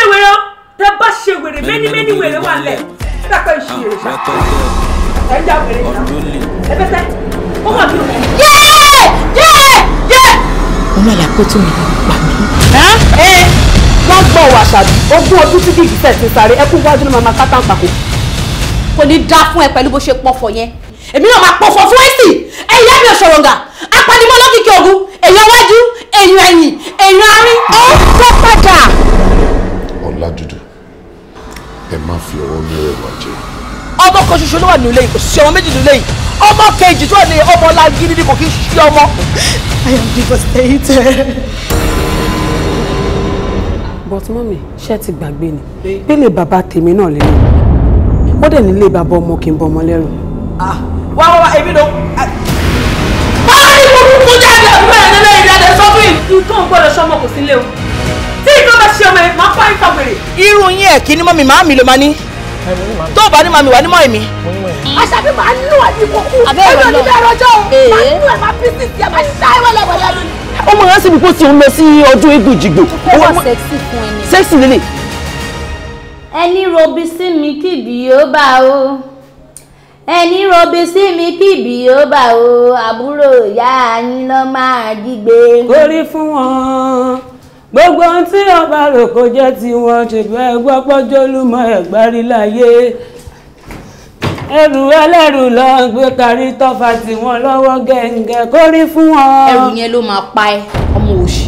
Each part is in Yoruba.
ṣe wèrè o tẹ bá ṣe wèrè mẹ́ni mẹ́ni wèrè wà lẹ̀ dákọ̀ ìṣe wèrè ṣá ah, ẹ̀ ń já wèrè ṣá ẹ fẹ́ tẹ́ ó wà bí o. ọmọ ìlàkótó mi ló pa mí. ẹ wọ́n gbọ́ òwò àṣàbí ogún ọdún tí gígì fẹ̀ ti sáré ẹ kú wájú ló máa ma kátà ń pàkó. kò ní dáa fún ẹ pẹ̀lú bó ṣe pọ̀fọ̀ yẹn èmi náà máa pọ̀fọ̀ fún ẹ̀sì ẹ̀yà mi ọ̀ṣọ̀rọ̀ǹgà apanimọ́ lọ́kìkì ogun èèyàn wájú èèyàn ẹ̀yìn èèyàn arín. ó ń pọ́ padà ẹ má fi ọwọ́ mẹ́rẹ̀ wá jẹ. ọmọ kan ṣoṣo ló wà ní ilé yìí kò sí ọmọ méjì ní ilé yìí ọmọ kejì tó wà ní ọmọ lágídí ni kò kí ń ṣí ọmọ. I am devastated. but mọ́mí ṣé ti gbàgbé ni pélé bàbá tèmi náà lélẹ̀ ó dẹ̀ nílé bàbá ọmọ kì í bọ ọmọ lẹ́rù. Ah, wá wá wá èmi ló. báwo mo kúkú jáde àbúrò ẹ̀ nílé ìdájọ́ sọ́fìn. nǹkan gbọ́dọ̀ sọ́mọ kò sílé o tí ìgbà bá ṣe ọmọ ẹ máa kọ́ ìfà wèrè. irú yín ẹ̀ kí ni mọ́mí máa mi ló máa ní tó bá ní màmí wà ní mọ́ èmi. aṣáájú máa ń lù ní kókó ẹgbẹ́ mi bẹ́ẹ̀ rọjọ́ o máa ń lù máa bísí sí ẹ máa ṣá ẹwẹ́ lẹ́wọ̀lẹ́ lónìí. ń lọ sí ọdún egbò jìgbò. ó wà sẹ́ksì fún ẹni. sẹ́ksì lélẹ̀. ẹni robi sí mi kìbì yóò bá o ẹni robi sí mi kìbì yóò bá o àbúrò ìyá yín ló máa jígbe. orí fún wọn gbogbo ohun tí ọba rò kó jẹ́ tiwọn ṣùgbọ́n ẹgbọ́ pọ́jọ́lùmọ̀ ẹ̀gbárí láyé ẹrù ẹlẹ́rù lọ gbé kárí tọ́fà tiwọn lọ́wọ́ gẹ̀ǹgẹ̀ kó rí fún wọn. ẹrù yẹn ló máa pa ẹ ọmọ òṣì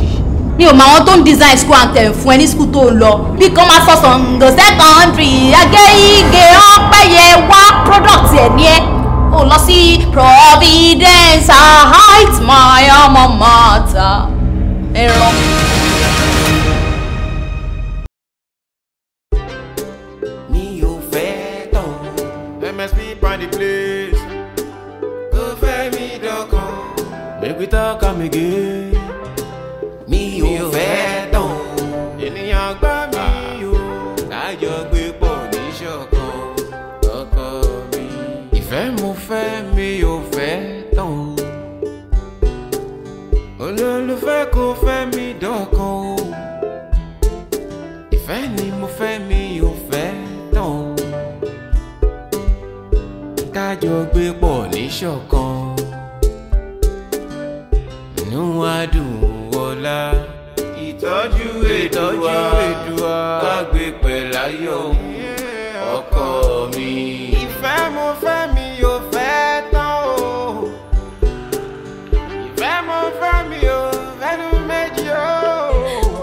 ní o mọ àwọn tó ń design school anthem fún ẹ ní school tó ń lọ bí kan máa sọ Ṣàngó secondary agéyíge ọpẹyẹ wá product ẹ ní ẹ o lọ sí Providence height my alma mater ẹran. we talk am again. mi ò fẹ́ tán. ènìyàn gbá mi ah, o lájọ gbé pọ̀ níṣọ̀kan ọkọ mi. ìfẹ́ mo fẹ́ mi ò fẹ́ tán. olólùfẹ́ kò fẹ́ mi dọ̀kan o. ìfẹ́ ni mo fẹ́ mi ò fẹ́ tán. kájọ gbé pọ̀ níṣọ̀kan. ìtọ́jú èdùà kágbé pẹ̀láyọ̀ ọkọ mi. ìfẹ́ mo fẹ́ mi yóò fẹ́ tán o ìfẹ́ mo fẹ́ mi yóò fẹ́nu méjì o.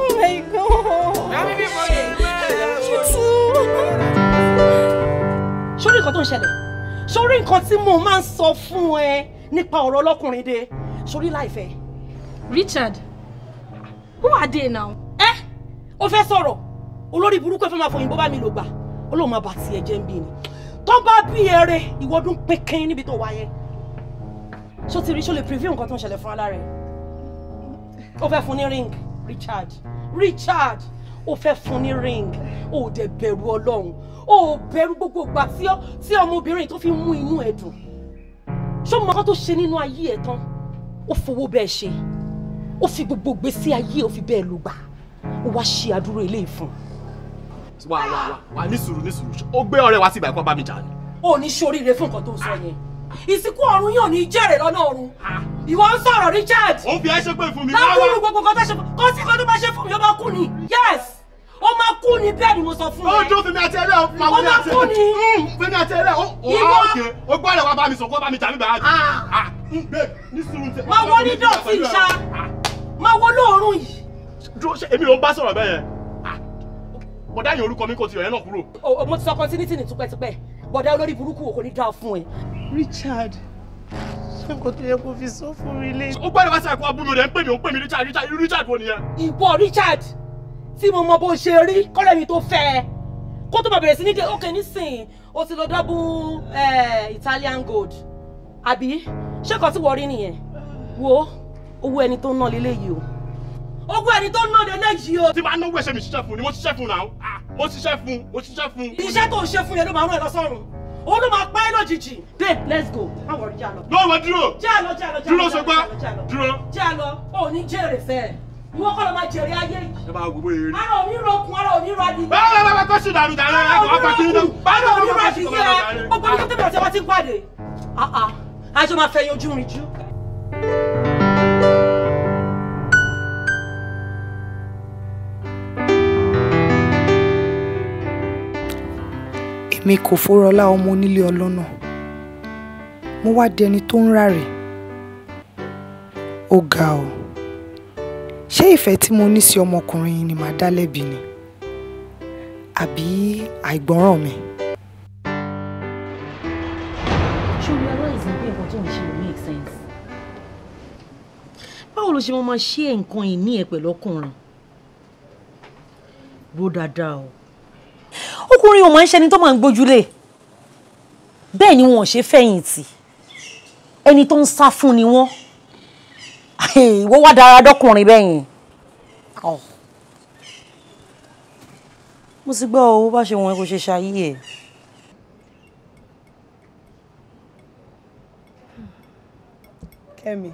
Oh my God. sórí e nǹkan tó ń ṣẹlẹ̀ sórí nǹkan tí mo máa ń sọ fún ẹ nípa ọ̀rọ̀ ọlọ́kùnrin de sórí láìfẹ́. Richard who are they now? ó fẹ́ sọ̀rọ̀ olórí burúkú ẹ fẹ́ máa fọyín bó bá mi lò gbà Ọlọ́run máa bà tiẹ̀ jẹ́ ń bí ni tó bá bí eré ìwọ́dún pínpín níbi tó wáyé ṣó ti rí ṣó lè preview nǹkan tó ń ṣẹlẹ̀ fún ara rẹ̀ ó fẹ́ fún ní ring Richard Richard ó fẹ́ fún ní ring ó dẹ̀ bẹ̀rù Ọlọ́run ó bẹ̀rù gbogbo ìgbà tí ọmọbìnrin tó fi mú inú ẹ̀ dùn ṣó mọ ọkọ tó ṣe nínú ayé ẹ̀ tán ó fowó bẹ́ẹ̀ ṣe ó fi gbogbo gbèsè ayé ó fi bẹ́ẹ̀ lùgbà ó wá ṣe àdúró ilé ìfún. wà wà wà wà ní sùúrù ní sùúrù ó gbé ọ̀rẹ́ wá sí ìbàkọ́ bá mi jà ni. o ní ṣoríire fún nǹkan tó sọ yẹn ìsìnkú ọ̀run yóò ní jèrè lọ́nà ọ̀run ìwọ ń sọ̀rọ̀ Richard. ó fi ẹṣẹ pé fún mi. láwùrú gbogbo kan tó ṣe kó sí kan tó bá ṣe fún mi ó máa kú ni yes ó máa kú ni bẹ́ẹ̀ ni mo sọ fún ẹ. ó dún fèmí àti ẹlẹ́ ó máa kú ni. ó máa kú ni. Hmm, fèmí àti ẹlẹ́ ó wá òkè ó gbọ́dọ̀ wá bá mi sọ̀kọ́ bá mi jà mí bàá jù. máa wọ ní dọ̀tí ìṣá ah. máa wọ lóòrùn yìí dúró ṣe èmi ló ń bá sọ̀rọ̀ bẹ́ẹ̀ yẹn ah, bọ̀dá yẹn orúkọ mi kò ti ọ̀yẹ́ náà kúrò. mo ti sọ kọ́ńtínítì ní tipẹ́tipẹ́ bọ̀dá olórí burúkú kò ní dáa fún ẹ. Richard ṣé kò tó yẹ kó fi sọ fún mi lé. ó gbọ́dọ̀ wá sí àìkú abúlé rẹ̀ ń pè mí ó ń pè mí Richard Richard Richard wo nìyẹn. ìwọ Richard tí mo mọ bó ṣe rí kọ́lẹ̀ mi tó fẹ́ ẹ kó tó bá bẹ̀rẹ̀ sí ní dé òkè nísìn o ti lọ double Italian gold àbí ṣé kò tí wọ́n rí nìyẹn wo owó ẹni tó ń ná lélẹ́yìí o ogún ẹni tó ná lélẹ́ yìí o. tí bá náwó ẹsẹ̀ mi ṣiṣẹ́ fún ni mo ṣiṣẹ́ fún náà ah, mo ṣiṣẹ́ fún mo ṣiṣẹ́ fún. iṣẹ́ tó ń ṣe fún yẹn ló máa rún ẹ lọ́sọ̀rùn òun ló máa pa ẹ́ lójijì. babe let's go má wọrí jà lọ. lọ́wọ́ dúró dúró sọgbà dúró. jà lọ ò ní jèrè fẹ́ ìwọ kọ́ ló máa jèrè ayé yìí. ẹ bá gbogbo yẹn rí. ara òní rokun ara òní ro adi. báwo la bá kọ́ sí ìdàrú dàrú ẹ̀ ẹ̀ ọ̀pá kiri náà. ara òní ro adi yẹ ọgbọ́n mi tó tẹ̀lé ọ̀sẹ̀ wá ti ń pàdé. àjọ ah, ah. máa fẹ́ yanjú rìn jù. mi kò fọ́rọ́lá ọmọ onílé ọlọ́nà mo wá di ẹni tó ń rárẹ̀ ó ga ọ ṣé ìfẹ́ tí mo ní sí ọmọkùnrin yìí ni màá dá lẹ́bi ni àbí àìgbọ́ràn mi. ṣé o realize pé nǹkan tó ń ṣe ò báwo ló ṣe máa ṣe nǹkan ìní ẹ pẹ̀lú ọkùnrin rò dáadáa o ọkùnrin ò máa ń ṣẹni tó máa ń gbójúlé bẹ́ẹ̀ ni wọn ò ṣe fẹ̀yìntì ẹni tó ń sá fún ni wọ́n ìwọ wá dára dọ́kùnrin bẹ́ẹ̀ yẹn. mo ti gbọ́ owó bá ṣe wọn kò ṣe ṣayé ẹ̀. kẹ́mi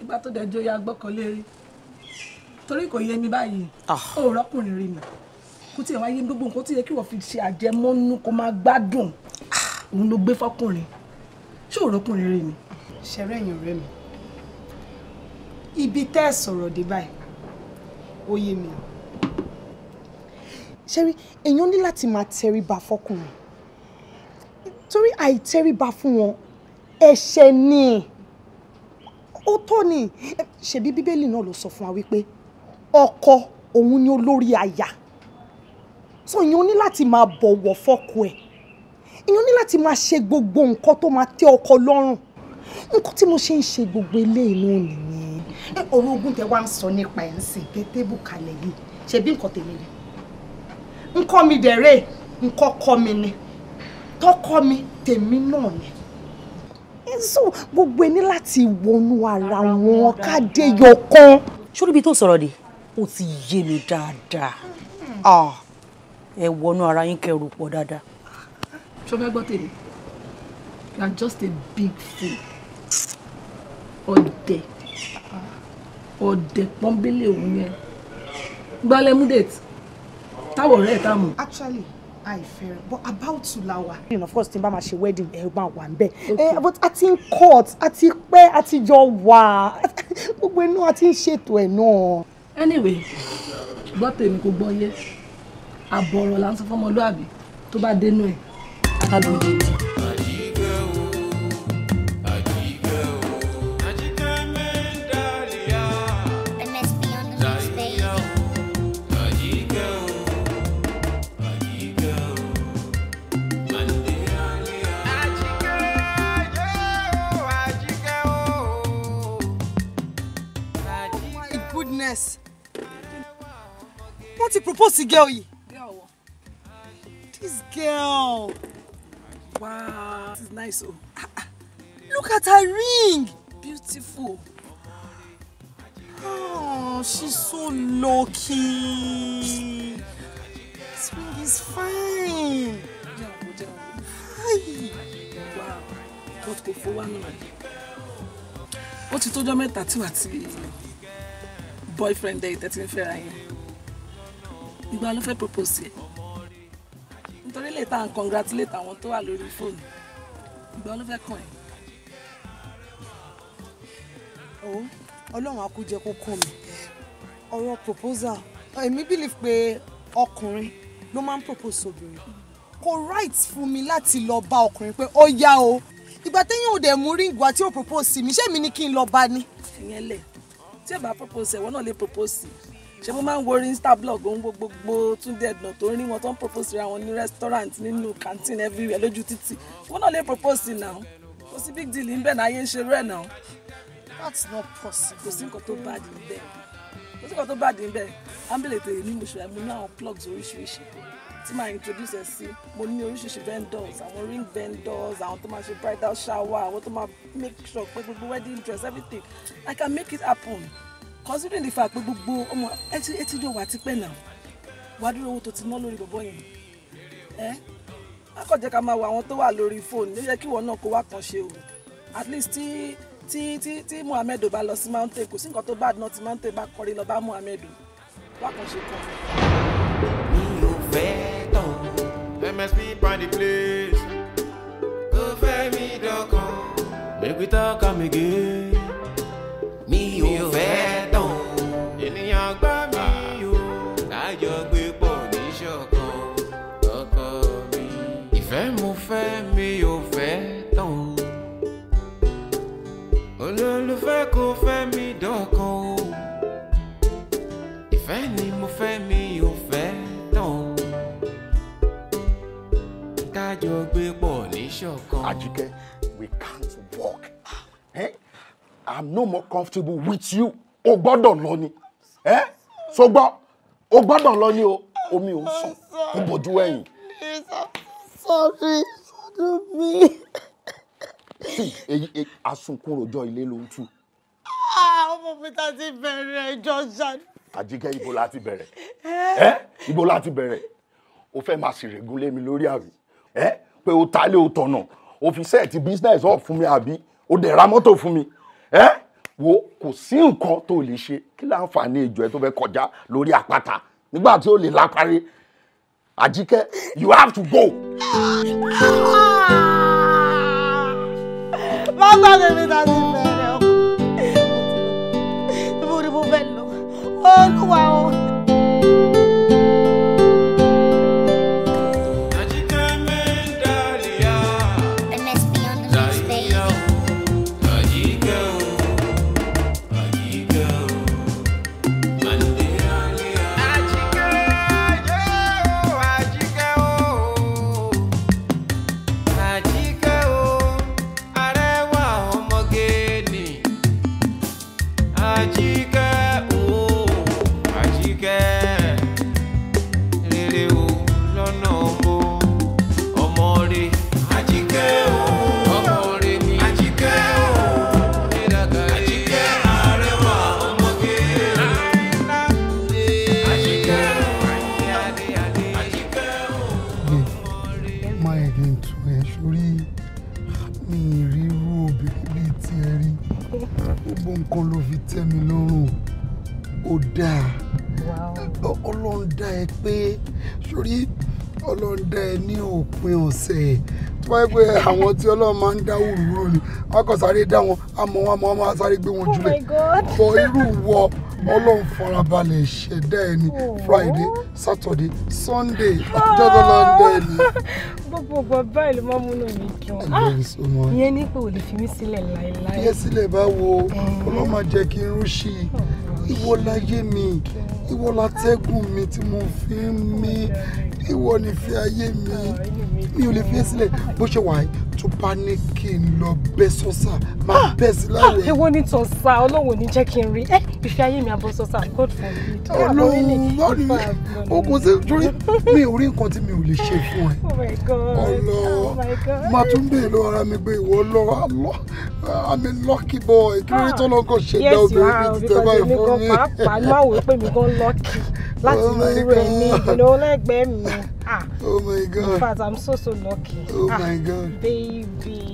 ìgbà tó dẹjọ́ ya gbọ́kànlé rí torí kò yé mi báyìí ah. ó rọ́kùnrin rí mi kó tiẹ̀ wáyé gbogbo nǹkan tó yẹ kí wọ́n fi ṣe àjẹmọ́nú kó máa gbádùn ah. òun ló gbé fọkùnrin ṣé ò rọ́kùnrin rí mi. ṣẹ̀rẹ̀ ẹ̀yìn ọ̀rẹ́ mi ibi tẹ́ ẹ sọ̀rọ̀ dé báyìí ó yé mi. ṣẹ́rí èèyàn ní láti máa tẹríba fọkùnrin torí àìtẹríba fún wọn ẹ̀ṣẹ̀ ni ó tọ́ ni ṣebí bíbélì náà ló sọ fún wa wípé ọkọ òun ni olórí aya so ìyẹn ní láti máa bọ̀wọ̀ fọ́kọ ẹ̀ ìyẹn ní láti máa ṣe gbogbo nǹkan tó máa tẹ́ ọkọ lọ́rùn nǹkan tí mo ṣe ń ṣe gbogbo eléyìí náà nìyẹn. ọ̀rọ̀ ogun tẹ wá ń sọ nípa ẹ̀ ń sìn gé tébù kalẹ̀ yìí ṣe bí nǹkan tèmi ni nǹkan mi dẹ̀rẹ̀ nǹkan kọ́ mi ni tọ́kọ́ mi tèmi náà ni so gbogbo ẹ ní láti wọnú ara wọn ká dé yọkan. sórí ibi tó sọ̀rọ̀ dé ó ti yé mi dáadáa ah. Ah, ẹ wọnú ara yín kẹrù pọ̀ dáadáa. ṣọfẹ́ gbọ́ tèmi you are just a big fool ọ̀dẹ̀ ọ̀dẹ̀ pọ́nbélé òun yẹn gbalẹ̀ mú date táwọn ọ̀rẹ́ ẹ̀ tá a mú. actually àìfẹ́ but about to la wa. of course tí n bá ma ṣe wedding ẹ máa wà nbẹ. Eh, but a ti ń court a ti pẹ́ a ti jọ wà gbogbo inú a ti ń ṣètò ẹ̀ náà anyway gbọ́ tèmi kò gbọ́ yé àbọ̀rọ̀ là ń sọ fọmọlúàbí tó bá dénú ẹ̀ àtàlódé. goodness ti propose to girl yìí. girl this girl. wow this is nice o. Oh. look at her ring. beautiful. Oh, she's so lucky. This ring is fine. Hi. Wow. What go for one man? Ó ti tó ọjọ́ mẹ́ta tí wà tí boyfriend ẹ̀ that ń fẹ́ra ìgbà ló fẹ́ propose ẹ̀ nítorí lè tá congratulate àwọn tó wà lórí fóònù ìgbà ló fẹ́ kàn ẹ́. ó ọlọ́run akújẹ kó kàn mí ọ̀rọ̀ proposal èmi believe pé ọkùnrin ló máa ń propose obìnrin kò right fún mi láti lọ bá ọkùnrin pé ó yá o ìgbà téèyàn ò dẹ̀ mú ríǹgù àti ò propose sí mi ṣé mi ni kí n lọ bá ní. ìyẹn lẹ tí ẹ bá propose ẹ wọn náà lè propose ṣé mo máa ń wo insta blog ohun gbogbo túndé ẹ̀dùn tó ń rí wọn tó ń propose ra wọn ní restaurant nínú canteen everywhere lójú títì wọn náà lè propose náà kò sí big deal níbẹ̀ náà ayé ń ṣerú ẹ̀ náà. that's not possible. kò sí nǹkan tó bad níbẹ̀ kò sí nǹkan tó bad níbẹ̀ ambulance tèmi ní mo ṣùgbọ́n mo ní àwọn plugs oríṣiríṣi tí màá introduce ẹ sí mo ní oríṣiríṣi vendors àwọn ring vendors àwọn tó máa ṣe bridal shower àwọn tó máa make sure pé gbogbo wedding dress everything i can make it happen considering the fact pé gbogbo ọmọ etí jọ wà tipẹ́ náà wà dúró owó tó ti ná lórí bọ̀bọ̀ yẹn ẹ́ akọ̀jẹ́ ká máa wo àwọn tó wà lórí fóònù ló yẹ kí ìwọ náà kó wá kàn ṣe o at least tí tí tí tí Muhammed ò bá lọ sí mountain kò sí nǹkan tó bá dùn tí mountain bá kọrí lọ bá Muhammed o wá kàn ṣe kàn. mi ò fẹ́ tán. MSP pan the place. ó fẹ́ mi dọ̀kan. make we mi ò fẹ́ tán. jọ gbé pọ̀ níṣọ̀kan. Àjíkẹ́, we can't walk. Eh? I'm no more comfortable with you. O gbọ́dọ̀ lọ ni. Eh? So gbọ́, o gbọ́dọ̀ lọ ni o. Omi ò sùn, kò bójú ẹ̀yìn. Sorry, sọ́dọ̀ mi. Sí, èyí asunkun rojọ́ ilé ló ń tú. Ah, ọmọ mi ta ti bẹ̀rẹ̀ ẹjọ́ ṣáájú. Àjíkẹ́ ibo la ti bẹ̀rẹ̀. Ẹ́ eh? eh? ibo la ti bẹ̀rẹ̀. O fẹ́ máa sì règún mi lórí àwì pé o ta lé o tọ̀nà o fi business ọ̀ fún mi àbí o dẹ̀ ra mọ́tò fún mi ẹ́ wo kò sí nǹkan tó lè ṣe kí láǹfààní ìjọ ẹ tó fẹ́ kọjá lórí àpáta nígbà tí ó lè lápárí àjíkẹ́ you have to go. má gbàgbé mi ta sí bẹ̀rẹ̀ ọkọ̀ ìbúrú mo lọ olúwa o. pé àwọn tí ọlọ́run máa ń dá wúrúwúrú ni wọ́n kàn sáré dá wọn àmọ́ wọn àmọ́ wọn máa sáré gbé wọn oh jùlẹ̀ bọ irú wọ ọlọ́run farabalẹ̀ ṣẹ̀dá ẹni oh. friday saturday sunday àtijọ́ ah. tó lọ ń dẹ ẹni. gbogbo bàbá ìlú máa mú inú mi dùn ìyẹn ní pé ò lè fi mí sílẹ̀ láéláé. ìyẹn sílẹ̀ báwo ọlọ́run máa jẹ́ kí n rú sí i oh ìwọ láyé mi ìwọ látẹ́gùn mi tí mo fi ń mí ìwọ nífẹ̀ẹ́ ayé mi mi ò lè fi sílẹ̀ bó ṣe wà tó bá ní lọ bẹ sọ́sà máa ah, bẹ sí láàrẹ̀. èwo ah, ni tọ̀sà ọlọ́wọ́ ní jẹ́ kí n rí ẹ́ eh, ìfẹ́ ayé mi àbọ̀ sọ́sà god forbid. ọlọ́run lọ́ọ̀rì o kò sí torí mi ò rí nǹkan tí mi ò lè ṣe fún ẹ. Oh ọlọ́ oh máa tún bèèrè lọ ara mi pé ìwọ lọ àlọ́ àmì lucky boy kí lórí ah, tọ́lọ́ kan ṣe dá obìnrin mi ti tẹ́ báyìí fún mi. pàápàá máa wò pé mi gan lucky láti oh mọ irú ẹ ní ìpínlẹ̀ ọlẹ́gbẹ̀ẹ́ mi. oh my god in fact i'm so so lucky. oh my god ah, baby.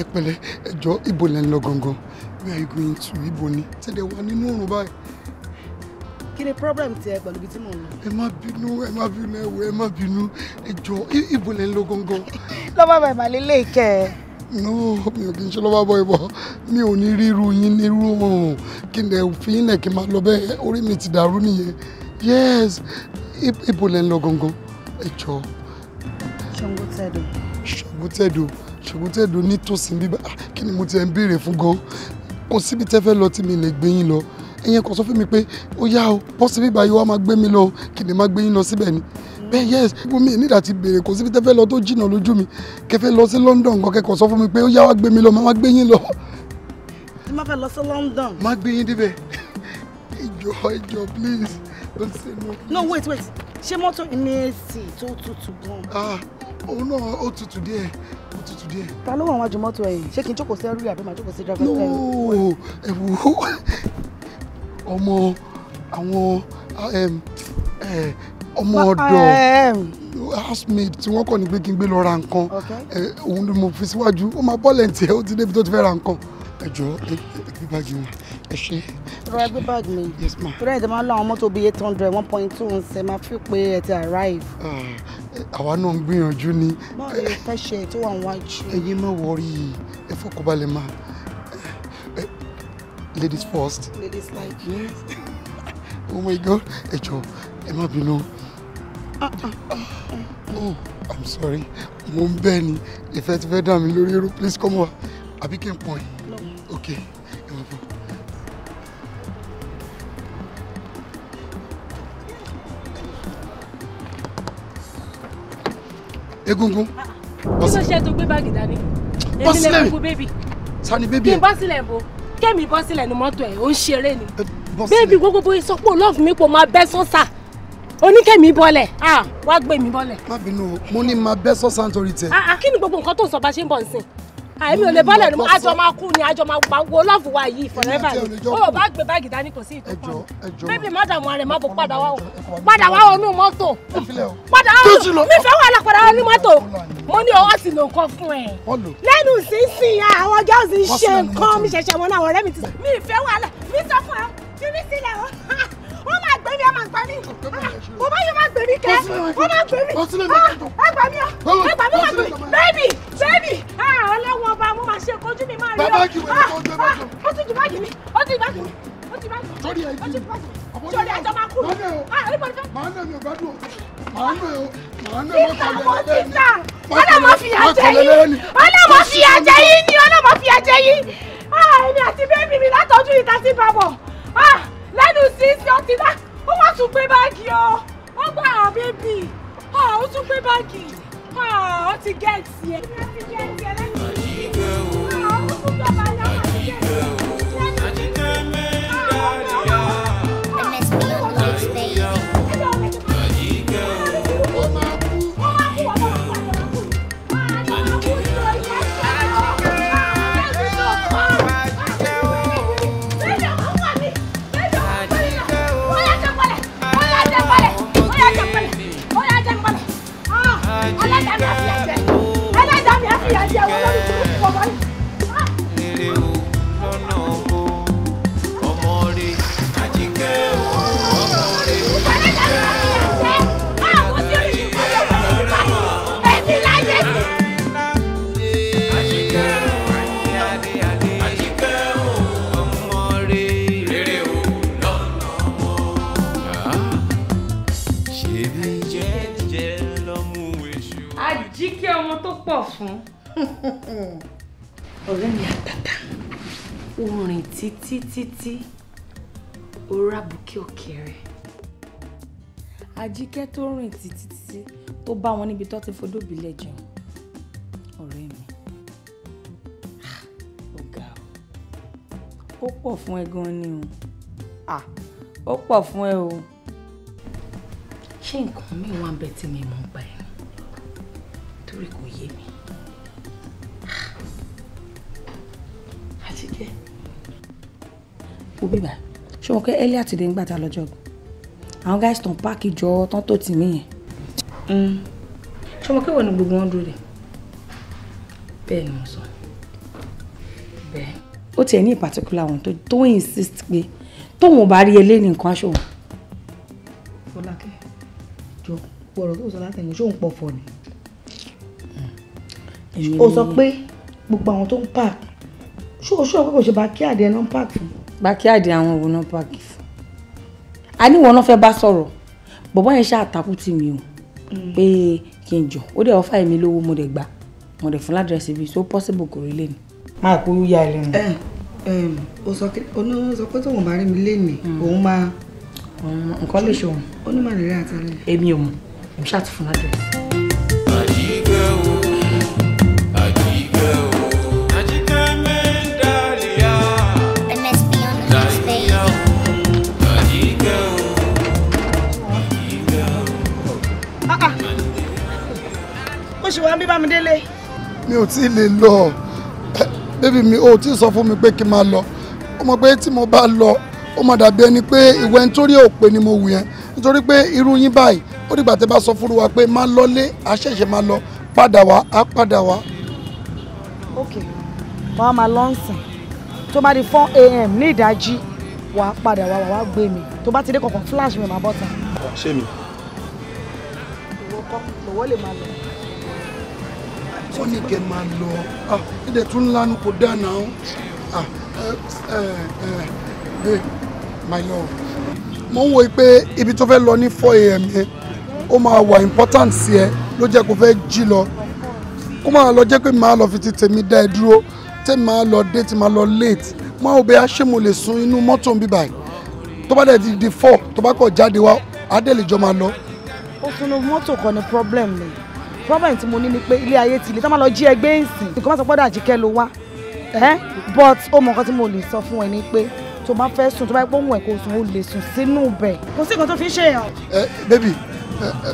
ẹ pẹ̀lẹ́ ẹ jọ ibo lẹ ń lọ gangan where are you going to ibo ni tẹ́lẹ̀ wà nínú òrùn báyìí. kí ni problem tiẹ pẹ̀lú ibi tí mò ń lọ. ẹ má bínú ẹ má bínú ẹ wò ẹ má bínú ẹ ibo lẹ ń lọ gangan. lọ́wọ́ bàbá ìmàlẹ́ lè kẹ́ ẹ no mi ò kì í ṣe lọ́wọ́ bọ́ ibọ̀ mi ò ní ríru yín nírú oòrùn kí lè fi yín kí n máa lọ bẹ́ẹ̀ orí mi ti dàrú nìyẹn yes ibo lẹ ń lọ gangan ẹ jọ. ṣòǹgó ṣùgbọ́n tẹ́ ló nítòsí bíbá ah, kí ni mo ti ẹ̀ ń béèrè fún gan kò síbi tẹ́ fẹ́ lọ tí mi lè gbé yín lọ ẹ̀yẹn kan sọ fún mi pé ó yá o bọ́sì bíbá yìí wá máa gbé mi lọ kí ni máa gbé yín lọ síbẹ̀ ni bẹ́ẹ̀ yẹ́s gbogbo mi nígbà tí béèrè kò síbi tẹ́ fẹ́ lọ tó jìnnà lójú mi kẹfẹ́ lọ sí London gan kẹkọ̀ọ́ sọ fún mi pé ó yá wá gbé mi lọ máa gbé yín lọ. tí má fẹ́ lọ sí London. má gbé yín débẹ̀ ìjọ ìjọ please don't say no. no wait wait ṣé mọ́tò ní èsì tó tutù gan. òun náà ó tutù díẹ̀ ó tutù díẹ̀. ta ló wà wájú mọ́tò ẹ̀yìn ṣé kí n jókòó sí ẹrú àbí màá jókòó sí driver side. yóò ẹ wo ọmọ àwọn ọmọ ọ̀dọ̀ housemaid tí wọ́n kọ̀ ní pé kí n gbé lọ ra nǹkan òun ni mo fi síwájú ó máa bọ́ọ̀lẹ̀ ntì ẹ ó ti débi tó ti fẹ́ ra nǹkan ẹ jọ ẹ gbé báàgì wọn ẹ ṣe. rọra gbé báàgì mi torí ẹ̀dẹ̀ máa ń lọ àwọn mọ́tò bíi eight hundred one point two ń máa fi pé ẹ ti arrive. Ah, àwa náà ń gbìyànjú ni. báwo ni o fẹ́ ṣe ètò àwọn wájú. ẹ̀yin má wọrí ẹ fọkànbalẹ̀ máa eh, ladies first. ladies like yes. oh my god ẹ jọ ẹ má bínú. oh i'm sorry mo ń bẹ́ẹ̀ ni ìfẹ́ ti fẹ́ dà mí lórí aeroplane come over àbí kí n pọ̀ yìí. okay. egungun. kí ló ṣe tó gbé báàgì dání. bọ́ sílẹ̀ mi sani bébí ẹ. kí n bọ́ sílẹ̀ bo kẹ́mi bọ́ sílẹ̀ ní mọ́tò ẹ̀ ó ń ṣeré ni. bébí gbogbo bó sọ pé olóòfin mi kò máa bẹ́ sọ́sà oníkẹ́mi bọ́lẹ̀ wá gbé mi bọ́lẹ̀. má bínú mo ní máa bẹ́ sọ́sà nítorí tẹ. Ah, ah, kí ni gbogbo nǹkan tó ń sọ bá ṣe ń bọ̀ nsìn àìmí ò lè bọ́lẹ̀ nù àjọ máa kú ni àjọ máa gbàgbó lọ́ọ̀fù wa yìí forever ni ó bá gbé báàgì dání kò sí ìtọ́jú bébì mádàmú rẹ̀ má bò padà wá o padà wá o nù mọ́tò padà wá o mi fẹ́ wà lápadà wá ní mọ́tò mo ní ọwọ́ sì lò nǹkan fún ẹ lẹ́nu sínsìn àwọn girls ń ṣe nǹkan mi ṣẹ̀ṣẹ̀ wọn náà ọ̀rẹ́ mi ti mi ìfẹ́ wà lá mi sọ fún ẹ fi mí sílẹ̀ o. bẹ́ẹ̀ a máa gbà mí mo bá yẹ máa gbè mí kẹ́ mo máa gbè mí ẹ gbà mí ọ ẹ gbà mí wà gbè mí bẹ́ẹ̀bì bẹ́ẹ̀bì ọlọ́wọ́ ọba mo máa ṣe kojú mi máa rí ah, ah, ọ ó ti jù báàgì mi ó ti jù báàgì mi ó ti jù báàgì mi ó ti jù báàgì mi sori àjọ máa kú ah, màá nà mí gbádùn màá nà ó màá nà ó kọlẹ lẹni títà ọlọmọ fìyà jẹ yín ọlọmọ fìyà jẹ yín ni ọlọmọ fìyà jẹ yín èmi àti bébí mi látọjú ìta sí bàbọ lẹ́nu sí sí ọtí náà ó wá tún gbé báàgì o ó gbà á bébì ó tún gbé báàgì ó ti gẹ̀ẹ́tì ẹ̀. àjíkẹ́ o àjíkẹ́ o àjíkẹ́ mẹ́ta. ọ̀rẹ́ mi àtàtà ó rìn títí títí ó rábùkí òkè rẹ̀ àjíkẹ́ tó rìn títí títí tó bá wọn níbi tó ti fodóbìlẹ̀ jẹun ọ̀rẹ́ mi ah, ó ga ó pọ̀ fún ẹ gan ni o ah, ó pọ̀ fún ẹ o ṣé nǹkan mi wà ń tí mi mọ̀ ṣe jẹ́. òbí bá ṣé wọn kẹ́ earlier today ń gbàtà lọ́jọ́ àwọn guys tán páàkì jọ tán tó tì mí yẹn. Mm. ṣé wọn kẹ́ wọ́n ní gbogbo wọn dúró dẹ̀ bẹ́ẹ̀ ni mo sọ bẹ́ẹ̀. ó tiẹ̀ ní particular wọn tó tó insist pé tóun ò bá rí eléyìí nǹkan aṣọ òun. fọlákẹ́ jọ ọ̀rọ̀ tó sọ látẹ̀yìn ṣóun pọ̀ fọ ni. ó mm. sọ pé gbogbo àwọn tó ń pààkì oṣù ọ̀pọ̀ kò ṣe backyard ẹ̀ náà park fún. backyard àwọn òun náà park fún. a ní wọn náà fẹ́ bá sọ̀rọ̀ bọ̀bọ́ yẹn ṣàtàkùn tì mí o mm. pé kí n jọ ó dẹ̀ ọ́fà èmi lówó mo dẹ̀ gbà mo dẹ̀ fún ládírẹ́sì bíi so possible kò rí lẹ́nu. máa kú yá ẹ lẹ́nu. o sọ pé tóun bá rí mi lẹ́nu mm. òun máa. nǹkan lè ṣe òun. ó ní màlẹ́rẹ́ àtàlẹ́. èmi ò mọ̀ mo ṣàtìfún ládírẹ́sì. ṣì wá ń bí Bámidélé. mi ò tí ì lè lọ bébí mi ò tí ì sọ fún mi pé kí n máa lọ ọmọ pé tí mo bá lọ ó mọ̀ dàbí ẹni pé ìwé nítorí òpè ni mo wù yẹn nítorí pé irú yín báyìí ó dìgbà tẹ́ bá sọ fún wa pé má lọlé àṣẹ̀ṣẹ̀ má lọ padà wá á padà wá. ok wà á máa lọ ǹsìn tó bá di four a.m. ní ìdájí wà á padà wá wà á gbé mi tó bá ti dé kọ̀ọ̀kan flash mi máa bọ́ta. ṣé mi. ìwọ kọ́ lọ́wọ́ lè máa lọ ó ní máa lọ ẹ̀ẹ́dẹ̀ ah, tún lánàá kò dáná ó babe my love mo ń wo pé ibi tó fẹ́ lọ ní four a.m. yẹn ó máa wà important sí ẹ ló jẹ́ kó fẹ́ jí lọ kó máa lọ jẹ́ pé màá lọ fi ti tèmi dá ẹ dúró tèmi máa lọ date máa lọ late máa ò bẹ́ẹ̀ ṣé mo lè sun inú mọ́tò mi báyìí tó bá dẹ̀ di di four tó bá kọ̀ jáde wá adé lè jọ máa lọ. òfin mọ́tò kan ni problem ni problem tí mo ní ni pé ilé ayé ti le tí wọ́n máa lọ jí ẹgbẹ́ ìsìn nǹkan má sọ pọ́dà àjíkẹ́ ló wá but ó mọ nǹkan tí mo lè sọ fún ẹ ni pé tó bá fẹ́ sùn tó bá gbóhùn ẹ̀ kó sùn ó lè sùn sínú ibẹ̀ kò sí nǹkan tó fi ń ṣèyàn. ẹ bébì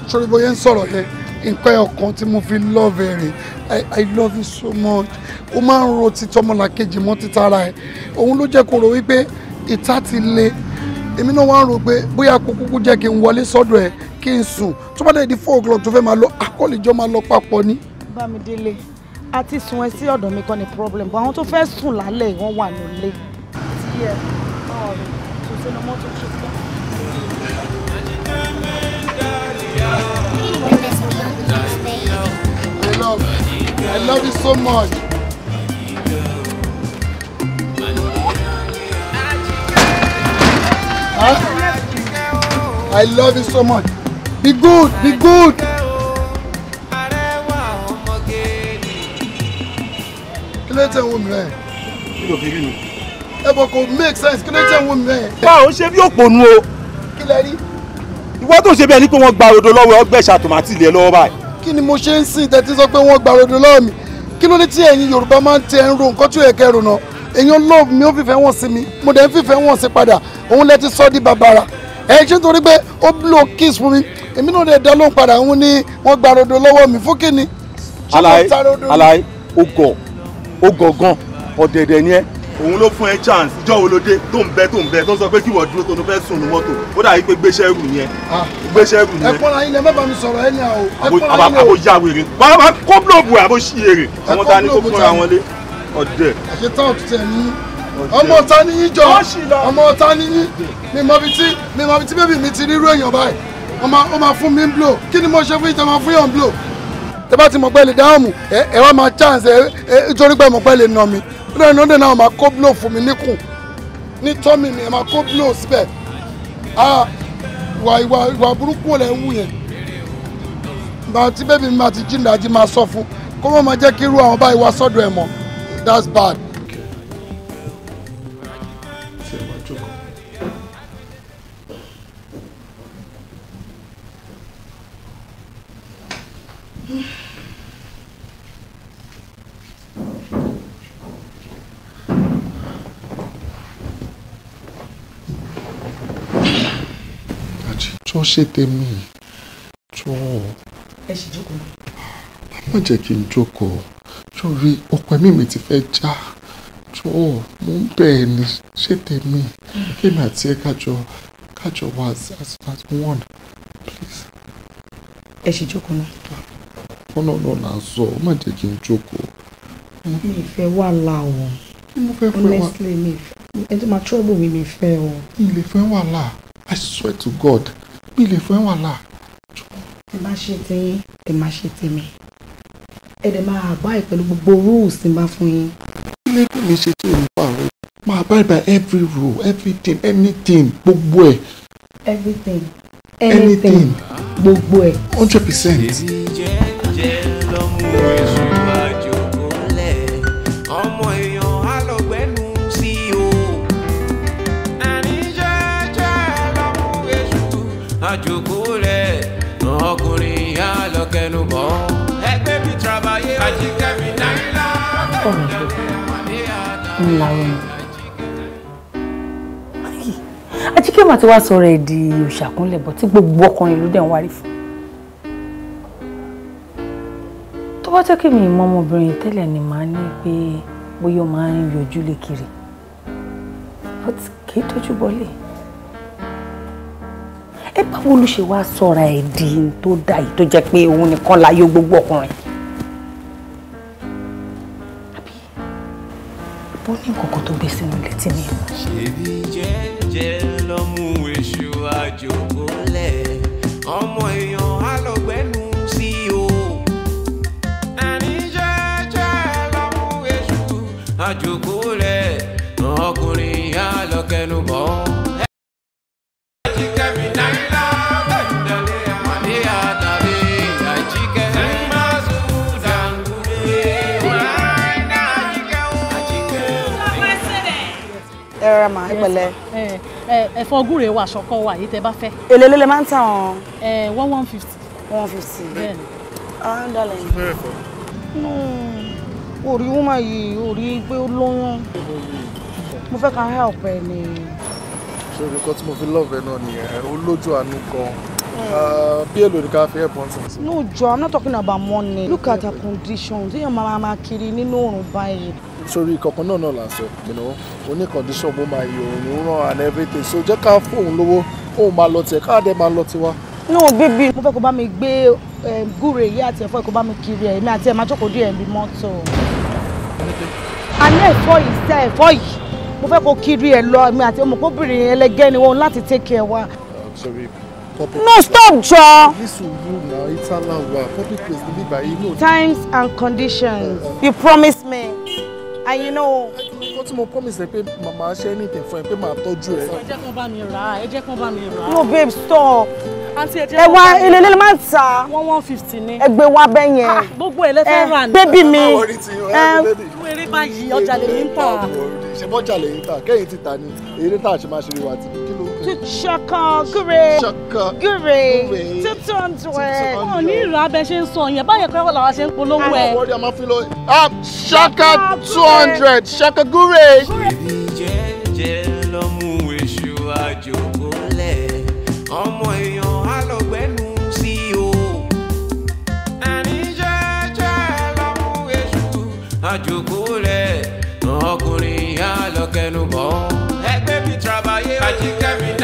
sori bóyá ń sọ̀rọ̀ yẹn nǹkan ọkàn tí mo fi love ẹ I i love you so much ó máa ń ro ti tọmọlàkejì mọ́ títa ara ẹ̀ òun ló jẹ́ kó ro wípé ìta ti le èmi náà wá ń rò pé bóyá kó kúkú jẹ́ kí n wọlé sọ́dọ̀ ẹ̀ kí n sùn tó bá dẹ̀ di four o'clock tó fẹ́ máa lọ akọ́lẹ̀jọ́ máa lọ papọ̀ ni. bámidélé àti sùn ẹ sí ọ̀dọ̀ mi kan ní problem bọ́ àwọn tó fẹ́ sùn lálẹ́ wọ́n wà lólé. I love you so much. Huh? I love you so much be good be good. kí ló tẹ̀ wọ́n mi rẹ̀. kí ló fi kò make sense kí ló tẹ̀ wọ́n mi rẹ̀. báwo ṣe bí òpònú o. kí lẹ rí. ìwọ tó ṣe bẹ́ẹ̀ ni pé wọ́n gba rodo lọ́wọ́ ọgbẹ́sà tòmátì lé lọ́wọ́ báyìí. kí ni mo ṣe ń sìn tẹ́tí sọ pé wọ́n gba rodo lọ́wọ́ mi kí ló dé tí ẹ̀yin yorùbá máa ń tẹ ẹ̀ ń ro nǹkan tí ò yẹ kẹ́ ẹ̀ rò náà èèyàn lóògùn mi ó fìfẹ́ wọn sí mi mo dẹ̀ ń fìfẹ́ wọn sí padà òun lẹ ti sọ di bàbàrà ẹ ṣé torí pé ó blow kiss fún mi èmi náà dẹ̀ dá ló padà ń ní wọ́n gba rodo lọ́wọ́ mi fún kíni. alaye alaye o gọ o gọ gan ọ̀dẹ̀dẹ̀ ni ẹ. òun ló fún ẹ chance jọ́ wo ló dé tó ń bẹ tó ń bẹ tó ń sọ pé kí wọ́n dúró tó ń fẹ́ sùn ní mọ́tò ó dàbí pé gbéṣẹ́ ẹrù yẹn ah, gbéṣẹ́ ẹrù yẹn. ẹ̀kọ́ la ilẹ̀ mẹ́fà mi sọ̀rọ̀ ẹ̀ ní àwọ̀ ẹ̀kọ́ la ilẹ̀ o. àbò ya wèrè kó blóòbù àbò ṣí èrè àwọn ta ni kó fúnra wọn lé ọ̀dẹ̀. àṣetán ọ̀tún tẹ̀ ní ọmọ ta ni yín jọ ọmọ ta ni yín mi mọ bi tí mi mọ bi tí bébì mi ti rírú èèyàn báyìí ó máa fún mi ń blow kí ni mo ṣe fún yín tẹ máa fún yàn blow tẹ bá ti mọ̀ pé lè dáhùn mù ẹ wá máa chance ẹ nítorí pé mọ̀ pé lè nà mí lórí ẹni ó dènà àwọn máa kó blow fún mi níkùn ní tọ́mì mi ẹ máa kó blow síbẹ̀ Ah, ìwà ìwà burúkú rẹ̀ ń wù yẹn ìgbà tí bébì mi máa ti jí ìdájí máa sọ fún kó mọ̀ máa jẹ́ kí irú àwọn báyìí wá sọ́dọ̀ ẹ̀ mọ́ that's bad. tún ṣe tèmi jọ. ẹ ṣì jókòó. má má jẹ́ kí n jókòó sórí ọkọ ẹ̀mí mi ti fẹ́ já jọ mo ń bẹ̀ ẹ́ ní ṣe tèmi kémi àti ẹ kájọ kájọ wá as as one please. ẹ ṣì jókòó náà. ọ̀nà ọ̀nà là ń sọ ó má jẹ́ kí n jókòó. mi ì fẹ́ wà láwọn mo fẹ́ fẹ́ wà. honestly mi ẹ tó máa trouble mi mi fẹ́ o. mi lè fẹ́ wàhálà I swear to God mi lè fẹ́ wàhálà. ẹ má ṣe tiyín ẹ má ṣe tèmi ẹ dẹ̀ máa bá ẹ pẹ̀lú gbogbo rules tí n fún yín. ilé kò ní ṣe tí òun pààrọ̀ máa bá ibà every rule everything anything gbogbo ẹ. everything anything gbogbo ẹ. hundred percent. mi làárọ̀ ni ajíkẹ́ mà ti wá sọ̀rọ̀ ẹ̀ di òṣàkúnlẹ̀ bọ̀ tí gbogbo ọkùnrin ló dẹ̀ ń wárí fún tó bá jẹ́ kí mi mọ ọmọbìnrin tẹ́lẹ̀ ni màá ní pé bóyá ó máa ń yọjú lé kiri but kì í tọ́jú bọ́lẹ̀ ẹ báwo ló ṣe wá sọ̀ra ẹ̀ di tó dà yìí tó jẹ́ pé òun nìkan láyé gbogbo ọkùnrin. bó ní kòkó tó gbé sínú létí mi. ṣèbí jẹ́jẹ́ lọ́mú èṣù àjòkólẹ̀ ọmọ èèyàn á lọ gbẹ́nu sí o. àní jẹ́jẹ́ lọ́mú èṣù àjòkólẹ̀. grandma ẹ pẹ̀lẹ́. ẹ̀fọ́ gúre wà ṣọ̀kọ̀ wà yìí tẹ́ bá fẹ́. èlé lè máa ń tà wọn. one one fifty. one fifty. bẹ́ẹ̀ni. ah darling. no orí wúmà yìí orí pé ó lóyún mo fẹ́ ka help ẹ ni. ṣé nǹkan tí mo fi lọ́ọ̀fẹ́ náà nìyẹn ó lójú àánú gan-an. Ah, bí èlò ni ká fi ẹ̀ bọ́n sí. no Joe, I'm not talking about money. look at her condition ṣé yẹn máa máa kiri nínú òrùn báyìí sórí kankan náà náà là ń sọ oníkọ̀ndíṣọ̀ mo máa yọ òun ràn and everything so jẹ́ ká fóun lówó òun máa lọ tiẹ̀ káàdé máa lọ tiwa. no bíbí mo fẹ́ kó bá mi gbé eh, gúre yìí àti ẹ̀fọ́ kó bá mi kiri ẹ̀ èmi àti ẹ̀ máa jókòó díẹ̀ bí mọ́tò. àná ẹ̀fọ́ yìí sẹ́ ẹ̀fọ́ yìí mo fẹ́ kó kiri ẹ̀ lọ èmi àti ọmọkóbìnrin ẹlẹgẹ́ ni wọn láti take care wa. no stop jọ. times and conditions you promise me and you know. nǹkan tí mo promise ẹ pé màmá ṣe anything for ẹ pé màá tọ́jú ẹ. ẹ jẹ́ kán bá mi rà ẹ jẹ́ kán bá mi rà no babe stop. àǹtí ẹ jẹ́ kán bá mi rà á. ẹ̀wà ilé ilé máa ta. one one fifty ni. ẹgbẹ́ wa bẹ́ yẹn. Ah, gbogbo ẹ̀ lẹ́fẹ̀ẹ́ eh, rà ní. bébì mi. ìwé eh, eré báyìí ọjà lè ń tà. ṣe bọ́jà lè ń tà kẹ́yìn ti ta ni eré tá a ṣe máa ṣe rí wa ti ní gúre gúre two hundred. wọn ò ní ìrà abẹ ṣe ń sọ yẹn báyẹn kọ́ làwọn ṣe ń polówó ẹ. àwọn ọ̀rẹ́ a máa fi lọ ṣaka two hundred ṣaka gure. jẹ́jẹ́ lọ mú èṣù àjòkólẹ̀ ọmọ èèyàn á lọ gbẹ́nu sí o. ẹni jẹ́jẹ́ lọ mú èṣù àjòkólẹ̀ ọkùnrin á lọ kẹnu o. àjíkẹ́ mi.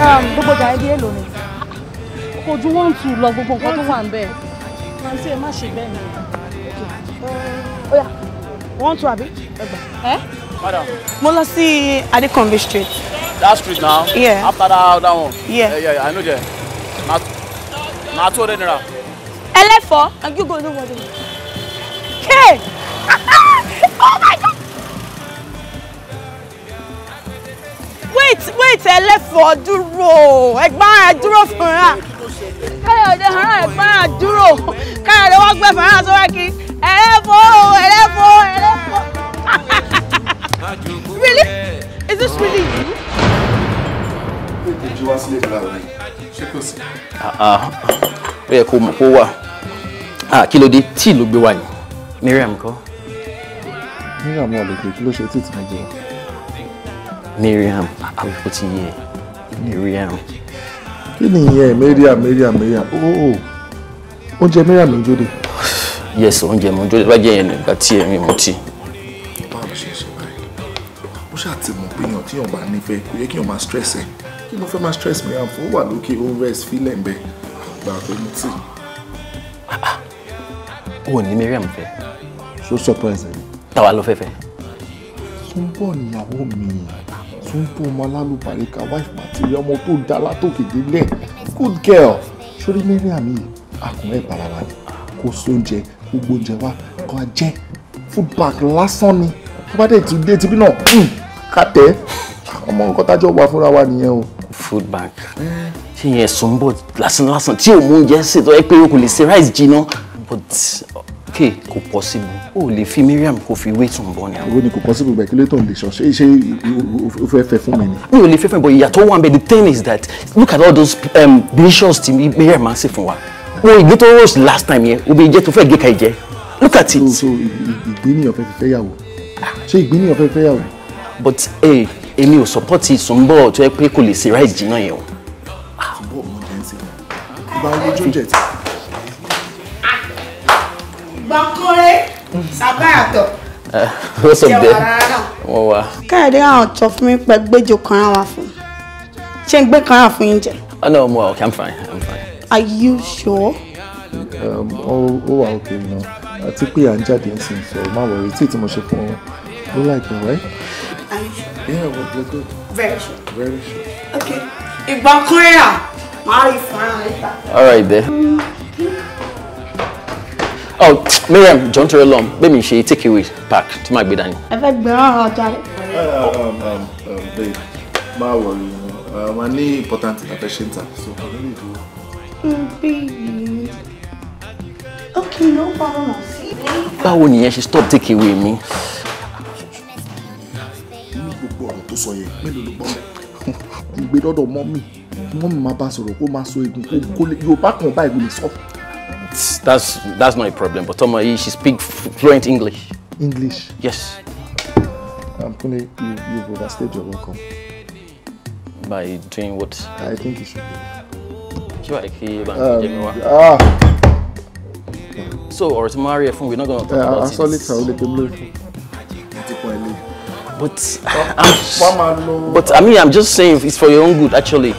Um, gbogbo ọjà ẹbí èlò ni kò ju one two lọ gbogbo nǹkan tó wà ń bẹ̀. àǹtí ẹ má ṣe bẹ́ẹ̀ ni one two àbí ẹgbà. madam. mo lọ sí adekunle street. that street now. Yeah. after that, that one. Yeah. yeah, yeah i know there. na na two hundred naira. ẹlẹ́fọ̀ọ́ and you go no worry. hey! oh my god! wait wait ẹlẹ́fọ̀ọ́ dúró ẹ̀gbọ́n rẹ̀ dúró fúnra káyọ̀dé hàn ẹ̀gbọ́n rẹ̀ dúró káyọ̀dé wọ́n gbẹ fúnra sọ́wọ́ kí ẹlẹ́fọ̀ọ́ ẹlẹ́fọ̀ọ́ ẹlẹ́fọ̀ọ́ really is this really you. ojú wa sílẹ̀ ìlú àwọn ṣé kò sí. Ah, ah. ó yẹ kó mọ̀ kó wà ah, kí ló dé tí ìlú gbé wá ni. miriam kọ́. miriam wà lókè kí ló ṣe tí ì tí ì máa jẹ. Miriam àbúkú ti yẹ e? Miriam. kí ni ìyẹn Miriam Miriam Miriam ooo oh, oh. oúnjẹ Miriam ló ń jóde. yes oúnjẹ mo ń jóde bá jẹ yẹn nígbà tí ẹ̀rín mo ti. báwo ló ṣe ṣe báyìí ó ṣàtìmọ̀ pé èèyàn tí èèyàn bá nífẹ̀ẹ́ kò yẹ kí èèyàn máa stress ẹ̀ kí ló fẹ́ máa stress Miriam fún ó wà lókè ó rest fílẹ̀ ń bẹ àgbà tó ń tì. o ò ní Miriam fẹ́. so surprise ẹ. táwa ló fẹ́ fẹ́. sunbọ ìyàwó mi tún bò ọmọ alálùbáríkà wife material ọmọ tó da látòkè délẹ̀ good girl sórí mẹ́rin àmì àkùnrin bàrà wa ni kò sóúnjẹ gbogbo oúnjẹ wa kọ́ a jẹ́ foodback lásán ni tó bá dẹ̀ tún dé tibí náà hmm, ká tẹ́ ọmọ nǹkan tájọ́ wà fúnra wa nìyẹn o. foodback ṣé yẹn sùn bọ̀ lásán lásán tí òun oúnjẹ ṣètò ẹ pé o kò lè ṣe rice jiná but kè kò possible o lè fi Mariam kò fi wé tún bọ́ ni. owó ni kò possible bẹ́ẹ̀ kí ló tó ń lè sọ ṣé ṣé o fẹ́ fẹ́ fún mi ni. mi ò lè fẹ́ fẹ́ but ìyàtọ̀ wà bẹ́ẹ̀ the thing is that look at all those um, delicious tí Mariam máa ń sè fún wa wọn ìgbé tó roast last time yẹn obi ìjẹ tó fẹ́ gé ka ìjẹ look at it. so ìgbéníyàn fẹ́ fẹ́ yàwó ṣé ìgbéníyàn fẹ́ fẹ́ yàwó. but ee èmi ò support ìsúnbọ̀ tó yẹ pé kò lè ṣe ráì jìnnà yẹn o. bọ́ọ̀ mo jẹ́ ń sè é bá ojú jẹ̀ tí. Bankore, Sabato. What's up there? Wọ́n wá. Káyọ̀dé àwọn ọ̀tọ̀ fún mi pẹ̀ gbẹ́jọ kan ara wa fún. Ṣé ń gbé kan ara fún yín jẹ? Oh no, I'm okay, I'm fine, I'm fine. Are you sure? Um, ó wà òkè náà, àti pé à a jáde ń sìn sọ, má wọ̀rí tí tí mo ṣe fún ọ, ló láìpẹ́ rẹ̀. Are you sure? Yeah, we're, good. Very sure. Very sure. Okay, ìgbà kan rà, máa rí fún All right there. Mm oh Miriam John torí lọ́m me mi ṣe take away pack to my bed, dání. ẹ fẹ́ gbẹ̀rán ọ̀rọ̀ ọjà rẹ̀. babe má wọrí wọn um, ní important attention ta so don't need mm, dúró. baby okay no problem báwo nìyẹn ṣe stop take away mi. ní gbogbo ọ̀rọ̀ tó sọ yẹn mélòó ló gbọ́ ń gbé dọ́dọ̀ mọ́mì mọ́mì máa bá sọ̀rọ̀ kó máa sọ egun kó yorùbá kan bá egun lè sọ that's that's not a problem. But Tomo, she speaks fluent English. English. Yes. I'm um, Kune, you, you've overstayed your welcome. By doing what? I think you should do. Um, ah. So, or to marry a phone, we're not going to talk yeah, about I it. Actually, I will blue But, I'm, but I mean, I'm just saying it's for your own good, actually.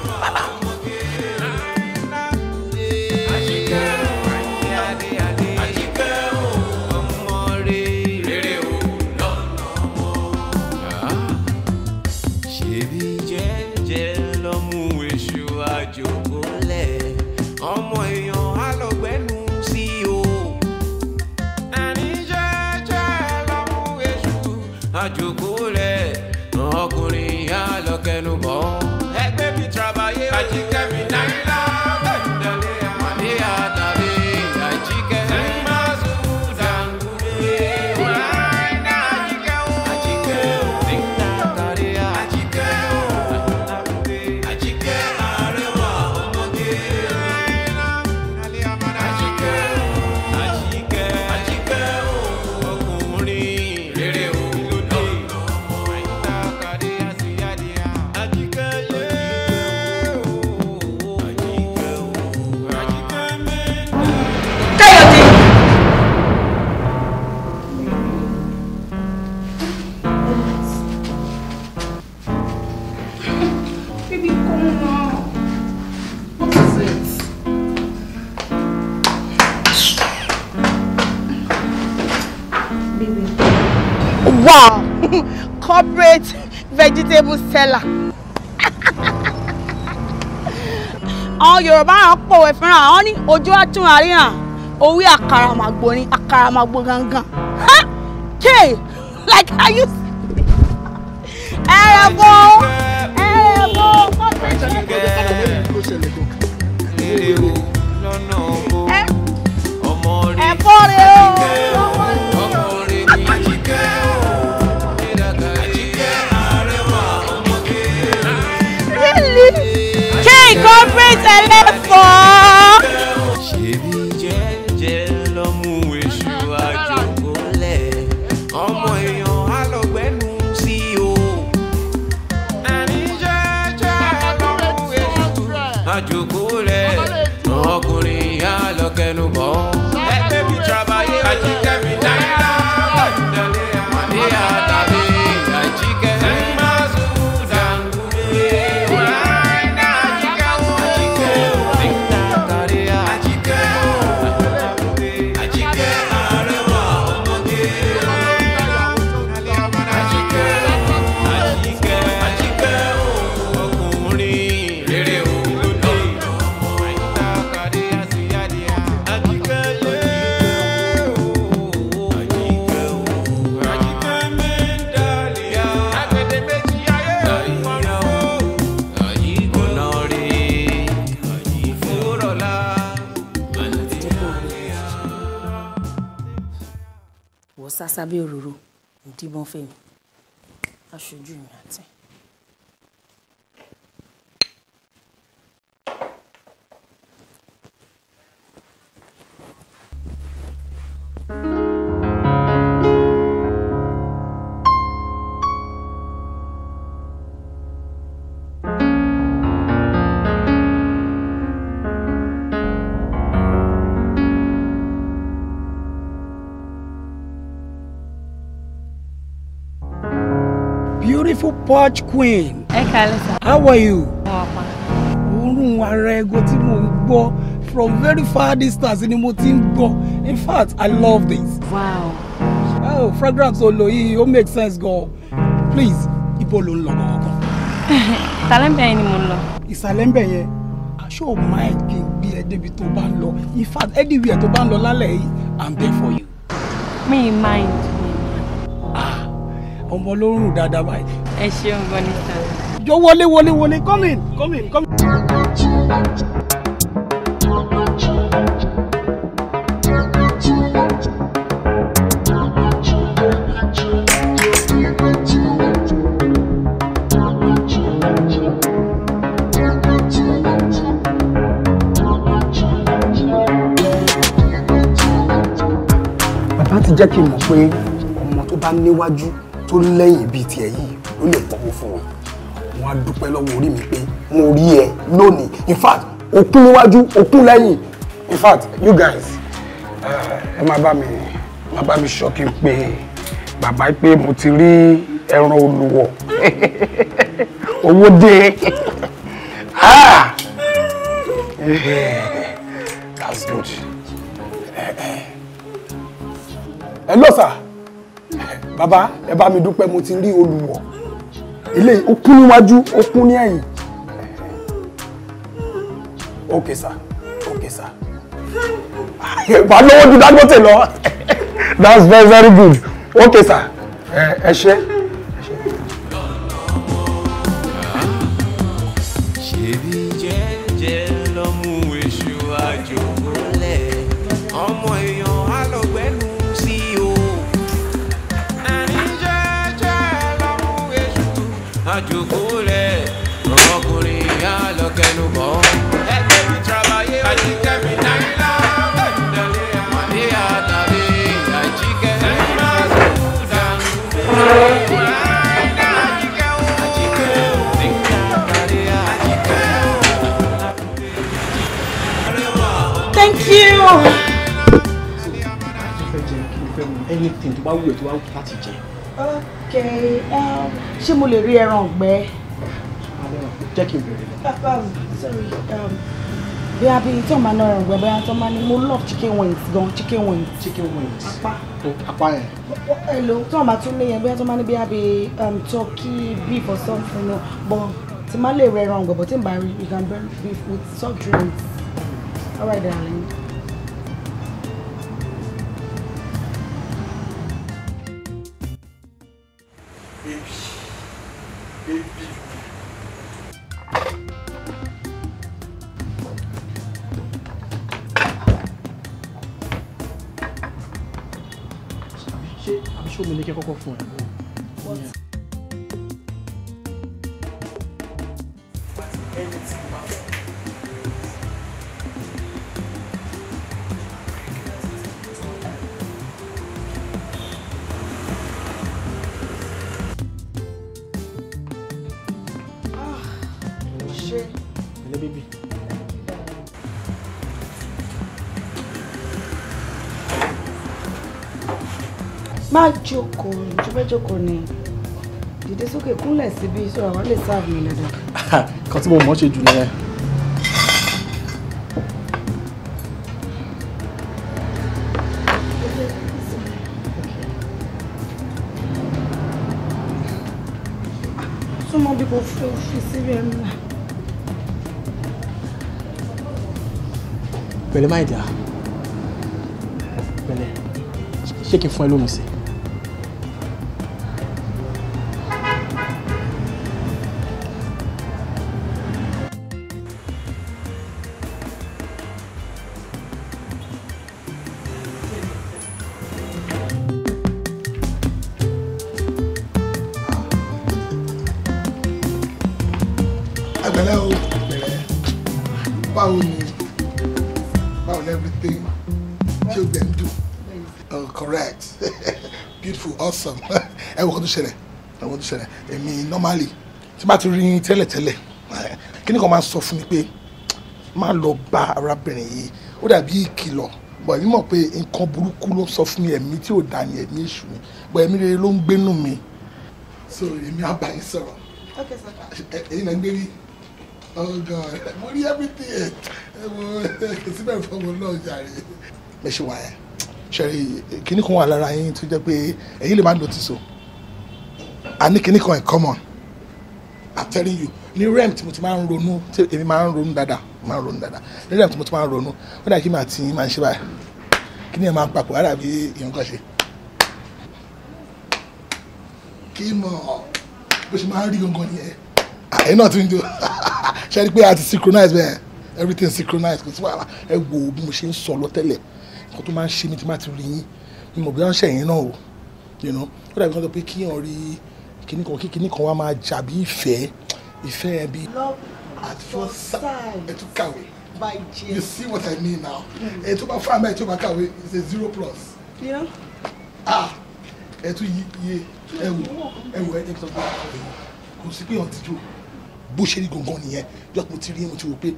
tún àríyàn orí àkàràmàgbò ni àkàràmàgbò gangan hey like i use ẹrẹ̀bọ ẹrẹ̀bọ ẹ̀fọ́ rẹ̀ o. corporate ẹlẹ́fọ̀ọ́. sàṣà bí òróró ìdìbọn fẹ́mi. porch queen. ẹ kàlẹ́ sá. how are you. ọ̀pá. òórùn ara ẹgo tí mò ń gbọ́ from very far distance ni mo ti ń gbọ́ in fact i love this. wow. oh fragrance olo yìí ó make sense gan please ibo ló ń lọ gangan. ìsàlẹ̀ ń bẹ̀ yẹn ni mo ń lọ. ìsàlẹ̀ ń bẹ̀ yẹn aṣọ máa ń kí ẹ débi tó bá ń lọ in fact anywhere tó bá ń lọ lálẹ́ yìí i'm there for you. me mind ọmọ ló ń rùn dáadáa báyìí. ẹ ṣeun bọ́nítà. jọ wọlé wọlé wọlé come in come in come in. jẹ́ kí n mọ̀ pé ọmọ tó bá níwájú tó lẹ́yìn bíi tiẹ̀ yìí ló lè pọ̀wọ́ fún wọn wọn á dúpẹ́ lọ́wọ́ orí mi pé mo rí ẹ lónìí in fact òkú níwájú òkú lẹ́yìn in fact you guys ẹ máa bá mi máa bá mi ṣọ́kí pé bàbá pé mo ti rí ẹran olùwọ̀ owó dé ah! that's good. Eh, eh. Hello, sir. Baba, ẹ bá mi dúpẹ́ mo ti rí olùwọ̀ ilé ó níwájú ó ní ẹ̀yìn okay sir okay sir bá lówó ju Dangote lọ that's very very good okay sir ẹ ṣé. anything to bá wù to tó bá wù láti jẹ. ok um, ṣé mo lè rí ẹran ọ̀gbẹ́. jẹ́ kí n bèrè lọ. Um, sorry um, bí a bí tó máa ná ẹran ọ̀gbẹ́ to tó máa ní mo love chicken wings gan chicken wings. chicken wings apá. apá yẹn. hello tó máa tún léyìn bóyá tó máa ní bí a um, turkey beef or something No. but tí máa lè rẹ ẹran ọ̀gbẹ́ but tí n bá you can burn beef with soft drinks. All right, darling. Cocofunda. má jókòó ìjọ bẹ́ẹ̀ jókòó ni dìde sókè kúnlẹ̀ síbi sọ̀rọ̀ àwọn lè sáàbù mi dáadáa. kan tí mo mọ̀ ṣe jù nìyẹn. súnmọ́ bí kò fi síbẹ̀ ń là. pẹ̀lẹ́ máa dà pẹ̀lẹ́ ṣé kí n fún ẹ lómi sí i. ṣẹlẹ̀ èmi normally tí bá ti rí yín tẹ́lẹ̀tẹ́lẹ̀ kíní kan máa ń sọ fún mi pé má lọ bá arábìnrin yìí ó dàbí ìkìlọ̀ bọ̀ èmi mọ̀ pé nǹkan burúkú ló sọ fún mi ẹ̀mí tí ò dá ni ẹ̀mí èṣù ni bọ̀ ẹ̀mí rere ló ń gbénú mi so èmi á bá yín sọ̀rọ̀ ẹ̀yin náà ń gbé rí ọ̀gá oh, mo rí everything ẹ̀ mo síbẹ̀ fọwọ́ náà jàre. ẹ ṣe wáyà ṣe rí kíní kan wà lára yín tó jẹ́ pé ẹ̀yin lè má notice o a ní kinní kan in common i'm telling you ní rem tí mo ti máa ń ronú tí èmi máa ń ronú dáadáa máa ń ronú dáadáa ní rem tí mo ti máa ń ronú ó dà kí màá tí máa ń ṣe báyìí kí ni ẹ máa ń papọ̀ rárá bí ìyẹn kan ṣe. kí mọ bó ṣe máa ń rí gangan nìyẹn àyè náà ti ń do ṣe é rí pé a ti synchronize bẹ́ẹ̀ everything synchronize kò sí wàhálà ẹ wo bí mo ṣe ń sọ lọ tẹ́lẹ̀ nǹkan tó máa ń ṣe mi tí máa ti rí yín mi mọ̀ bí wọ́n ń ṣẹ̀yìn náà o ó dàbí kan tó pé kíyàn rí kíní kan kíní kan wá máa jà bí ìfẹ́ ìfẹ́ yẹn bí. love at first sight ẹ tún kàwé you see what I mean now Etu ba bá fún àmọ́ ẹ tó bá it's a zero plus. Yeah. ah Etu ye. yí iye ẹ wò ẹ wò ẹ jẹ́ kí n sọ fún ọ kò sí pé ọ̀n tìjú bó ṣe rí gangan nìyẹn jọ́pọ̀ tí rí mo ti rò pé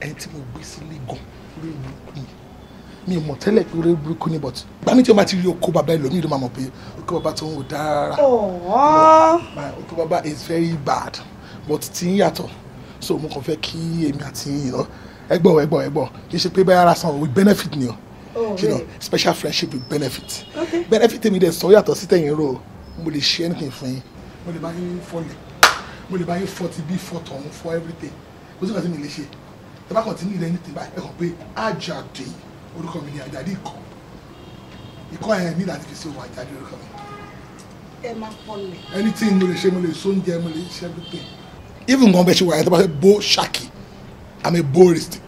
ẹni tí mo gbé sílé gan ló ń lù yìí mi mọ̀ tẹ́lẹ̀ pé orí burúkú ni but gba mi tí o bá ti rí oko bàbá ẹlòmíì ló máa mọ̀ pé oko bàbá tó ń wò dára oko bàbá is very bad but ti ń yàtọ̀ so mo kàn fẹ́ kí èmi àti ẹgbọ́n ẹgbọ́n ẹgbọ́n kì í ṣe pé báyà ara san with benefit ni o oh, you know special friendship with benefit benefit mi dẹ̀ sọ yàtọ̀ sí tẹ̀yìn ro mo lè ṣe anything fún yín mo lè bá yín fọlẹ̀ mo lè bá yín fọtí bí fọtọ̀ ọ̀hún for everything kò sí kàn sí mi lè ṣe ẹ bá kàn tí mi lè ní tèmi báyìí ẹ kàn pé àjàdé yìí orúkọ mi ni àjàdí ikọ̀ ikọ̀ yẹn ní láti fi sí ohun àjàdí orúkọ mi. ẹ máa pọlẹ. anything mo lè ṣe mo lè so oúnjẹ mo lè ṣe everything. even gan bẹ́ẹ̀ ṣe wáyé tó bá fẹ́ bó ṣáàkì a bó ristic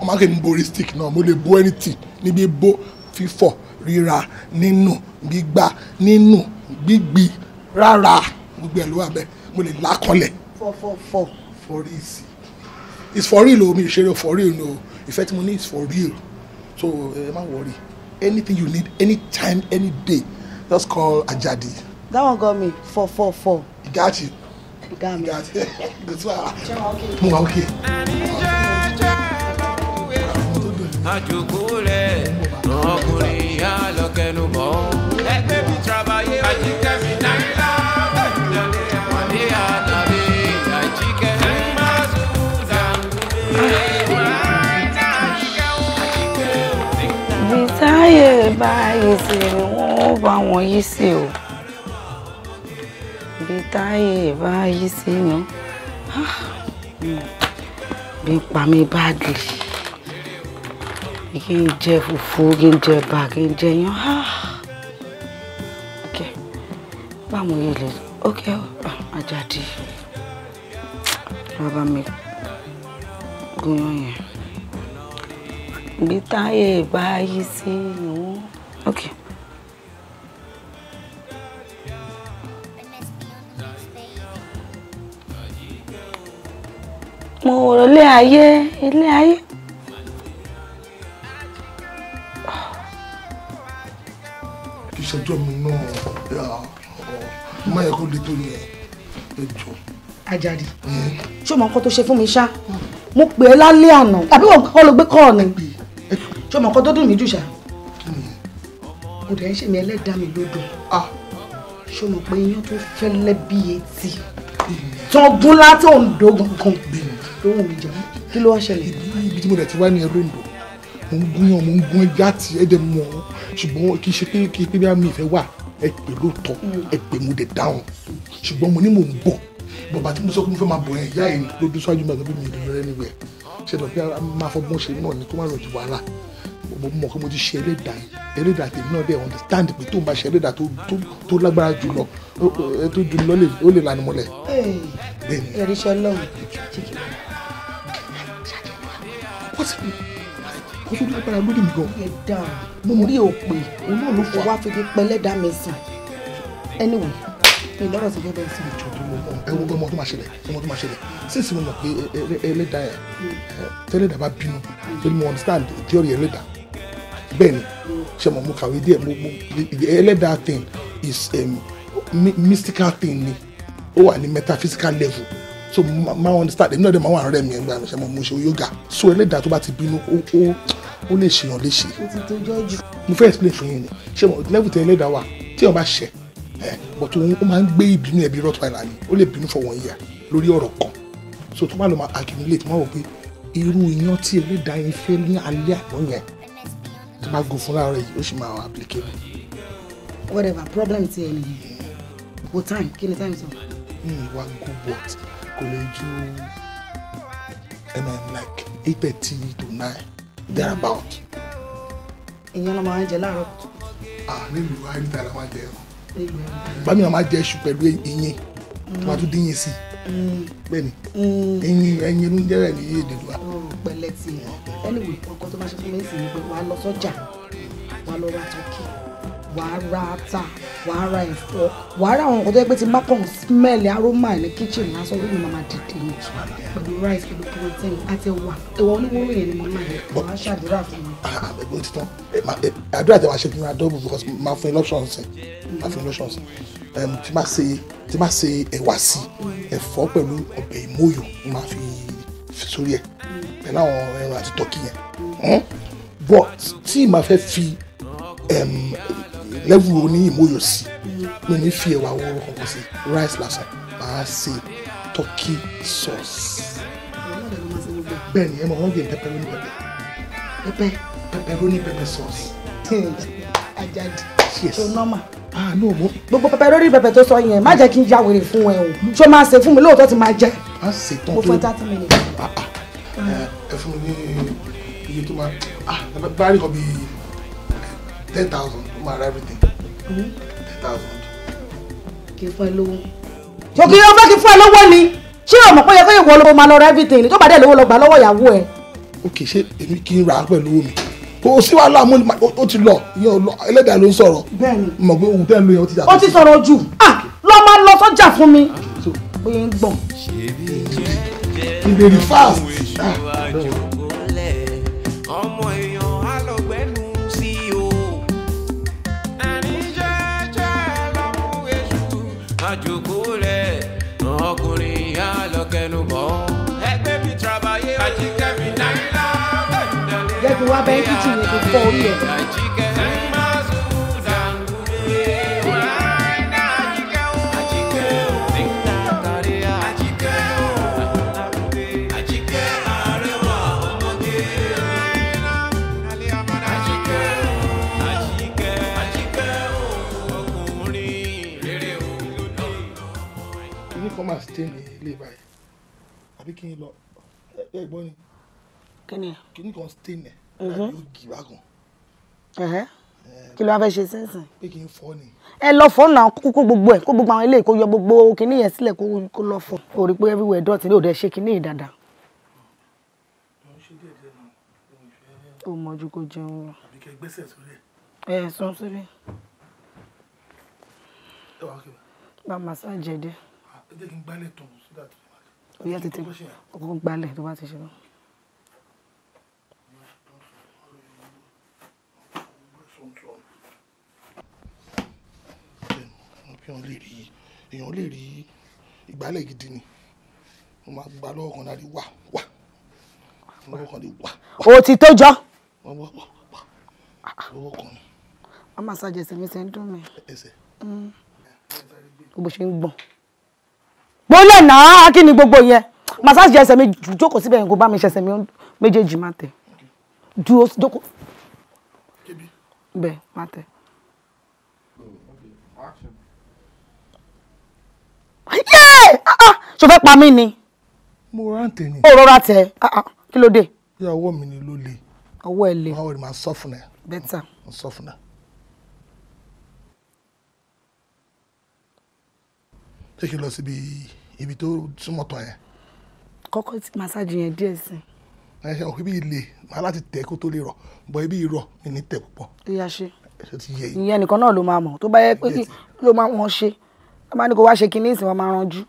wọ́n máa ń pè mí bó ristic náà mo lè bó anything níbi bó fífọ̀ ríra nínú gbígbá nínú gbígbì rárá gbogbo ẹ̀ ló wà bẹ́ẹ̀ mo lè lákọlẹ̀. fọfọfọ for easy it's for real o mi ò ṣeré for real no ìfẹ́ tí mo ní is for real so ẹ má worry anything you need anytime any day just call Ajadi. that one got me four four four. you got you. you got me. you it good to her. mo wa okay. àjòkúlẹ̀ ọkùnrin yà lọ́kẹ́nu bọ̀ ẹgbẹ́ mi travaye àjíkẹ́ mi náírà. bá yí sí ni wọ́n bá wọn yí sí o bí táyé bá yí sí ni ah, bí n pa mi báàgì kí n jẹ fùfú kí n jẹ bá kí n jẹ yan báwọn yìí lè ok Àjàdí bàbá mi gúnyán yẹn ibi táyé bá yí sí nù. okay. mo wòrò ilé ayé ilé ayé. ìṣẹ́jú mi náà má yẹ kó le tó yẹn ẹ jọ. Ajadi ṣé o mọ nǹkan tó ṣe fún mi ṣá mo pè é lálẹ́ àná àbí wọn kọ́ ló gbé kọ́ ni ṣé ọmọ kan tó dùn mí jù ṣá mo dẹ̀ ń ṣe mi ẹlẹ́dàá mi lódò ṣé ọmọ pé iyán tó fẹ́lẹ́ bí etí tán gún látọ̀ ń do gangan lóhùn mi jẹun kí ló wá ṣẹlẹ̀. ibi tí mo dẹ̀ ti wá ní ẹrú ìdò mo ń gún yàn mo ń gún ẹja àti ẹdẹ mọ ṣùgbọ́n kì í ṣe pé kì pé bí mi ìfẹ́ wà ẹ pè lóòótọ́ hmm. ẹ pè mo dẹ̀ dáhùn ṣùgbọ́n mo ní mò ń bọ̀ bàbá tí mo sọ pé mo fẹ́ máa bọ̀ yẹn ìyá yìí ló dún mi àgbẹ̀bí mi ìdúró rẹ níbẹ̀ ṣe lọ bí máa fọgbọ́n ṣe náà ni kó má lọ ju wàhálà mo mọ̀ pé mo ti ṣe eléda eléda tèmi náà dẹ̀ understand pé tó ń bá ṣe eléda tó lágbára jùlọ tó jùlọ ó lè lanu mọ́lẹ̀. bẹ́ẹ̀ni ẹríṣẹ lọ́rùn wọ́n ti kó tó lágbára lórí mi gan. ẹ dáa mo rí òpè òun náà ló fọ wá fi pẹ́ lẹ́dá mẹ́sàn-án anyway mi lọ́rọ̀ ti bẹ́ẹ̀ sí. ìjọ tó mọ ẹ wo ọmọ tó máa ṣẹlẹ̀ ọmọ tó máa ṣẹlẹ̀ sísè mo mọ̀ pé ẹlẹ́dàá ẹ tẹ́lẹ̀dàá bá bínú torí mo understand theory ẹlẹ́dàá bẹ́ẹ̀ni ṣe mọ̀ mo kàwé díẹ̀ mo mo ẹlẹ́dàá thing is um, mystical thing ni ó wà ní metaphysical level so ma understand èmi náà dẹ̀ máa wà rẹ̀ mi ẹ̀ gbà mí ṣe mọ̀ mo ṣe yoga so ẹlẹ́dàá tó bá ti bínú ó ó ó lè ṣèyàn léṣe. mo fẹ́ explain fún yín ni ṣe mọ̀ level tẹ ẹlẹ́dàá wa tí wọ́n bá ṣẹ̀ ẹ̀ but ó máa ń gbé ìbínú ẹbí rottweiler ni ó lè bínú for one year lórí ọ̀rọ̀ kan so tó bá lọ máa accumulate máa wọ pé irú iyán tí ẹlẹ́dàá yẹn fẹ́ ní alẹ́ àná yẹn tó bá gùn fúnra rẹ̀ yóò sì máa wà whatever problem ti ẹ nìyẹn kò time kí time So. mi ìwà good but kò lè ju like eight thirty to nine there about. ìyẹn ló máa ń jẹ láàárọ̀. ah nílùú wa níta la máa jẹ ẹran. bámi náà máa jẹ iṣu pẹ̀lú eyín tó bá tún dín yín sí i bẹ́ẹ̀ni mm. ẹyin ẹyin ló ń jẹrẹ ní èdè wa. Oh, pẹ̀lẹ́ ti ẹ ẹni wo ọkọ tó bá ṣe fún mi sí ni pé wàá lọ sọ́jà wàá lọ ra tọkì wàá ra ata ẹ̀fọ́ wàá àwọn nǹkan tó yẹ pé ti má smell aroma ní kitchen lásán lórí màmá dìde ní pẹ̀lú rice pẹ̀lú protein àti ẹ̀wà ẹ̀wà oníwóró yẹn ni màmá yẹn wàá ṣàdúrà fún mi. Ah, ah, ẹgbẹ́ ti àdúrà tí wàá ṣe fún mi àdóbù because máa fún elections máa fún elections tí máa ṣe ẹ̀wà sí ẹ̀fọ́ pẹ̀lú ọbẹ̀ ìmóyò máa fi sórí ẹ̀ pẹ̀lú àwọn ẹran àti tọ́kì yẹn hmm? but tí màá fẹ́ fi lẹ́wù oní ìmòyò sí mi ní fi ẹ̀wà wọ́ọ́rọ́ kankan sí rice lásán màá ṣe turkey sauce. bẹ́ẹ̀ ni ẹ mọ̀ wọ́n gbé pepperoni pepper pepper pepperoni pepper sauce. ajadi yes. so normal. ah no mo. gbogbo pepperoni pepper tó sọ yẹn má jẹ́ kí n ya wèrè fún ẹ o ṣó máa ṣe fún mi lóòótọ́ ti máa jẹ́. a ṣe tán tó mo fẹ́ thirty minutes. ẹ fún mi ní iye tó máa bá rí kan bíi ten thousand máa everything. ten thousand. kì í fún ẹ lówó. òkè ọba kì í fún ẹ lówó ni ṣé ọmọ pé yẹ kó ìwọ lówó máa lọ ra everything ni tó bá dẹ̀ lówó lọ gbà lọ́wọ́ ìyàwó ẹ. ok ṣé èmi kì í ra pẹ̀lú omi o sí wàhálà mú o ti lọ ìyẹn Then. lọ ẹlẹ́dàá ló ń sọ̀rọ̀ bẹ́ẹ̀ni mọ̀ pé òun tẹ́ lóye ó ti jà fún mi. ó ti sọ̀rọ̀ jù ah lọ́ọ́ máa lọ sọ́jà fún fast. Ah, fọ́ orí ẹ̀. máa ṣe ní ilé báyìí àbí kí n lọ ẹgbọ́n ni ó mhm. kì bákan. kí ló wá fẹ́ ṣe sínsìn. pé kí n fọ́ ni. ẹ lọ fọ́ náà kó gbogbo ẹ̀ kó gbogbo àwọn eléyìí kó yọ gbogbo kinní yẹn sílẹ̀ kó lọ fọ́. o rí pé everywhere dọ̀tí ní òde ṣe kinní yìí dáadáa. o mọ̀jú kó jẹun. àbí kẹ́ gbẹ́sẹ̀ sórí ẹ̀. ẹ sọ sórí. ẹ wà á kí wa. bá massage ẹ dé. o sí dàtí. o yẹ tètè tó bá ti ṣe náà. èèyàn lè rí èèyàn lè rí ìgbálẹ̀ gidi ni mo máa gba lọ́wọ́ kan láti wà wà lọ́wọ́ kan lè wà. o ti tó jọ. lọ́wọ́ kan ni. a máa ṣàjẹ ẹsẹ̀ mi ṣe ń dùn mí. ẹsẹ̀. Mm. bó ṣe ń gbọ̀n. gbólẹ̀ náà kí ni gbogbo yẹn massage ẹsẹ̀ mi jókòó síbẹ̀ yẹn kó bá mi ṣẹsẹ̀ mi méjèèjì má tẹ̀ dúró jókòó. bẹ́ẹ̀ má tẹ̀. yéè ah, ah. ṣo fẹ́ pa mí ni. mo rántẹ̀ ni. o rọra tẹ ah, kí ló dé. bí ọwọ́ mi ni ló le. ọwọ́ ẹ le. ọwọ́ ẹ máa sọ fún ẹ. bẹ́tà. mo sọ fún ẹ. ṣé kí n lọ síbi ibi tó súnmọ́ tán yẹn. kọ́kọ́ ti massage yẹn díẹ̀ sí i ẹ ṣe òkú ibi ilé máa láti tẹ kó tó lè rọ bọ ibi ìrọ mi ní tẹ púpọ̀. ìyá ṣe ìyẹn nìkan náà ló máa mọ̀ tó bá yẹ pé ló máa wọn ṣe wọ́n ní kó wá ṣe kinní ìsìn wọ́n máa ranjú.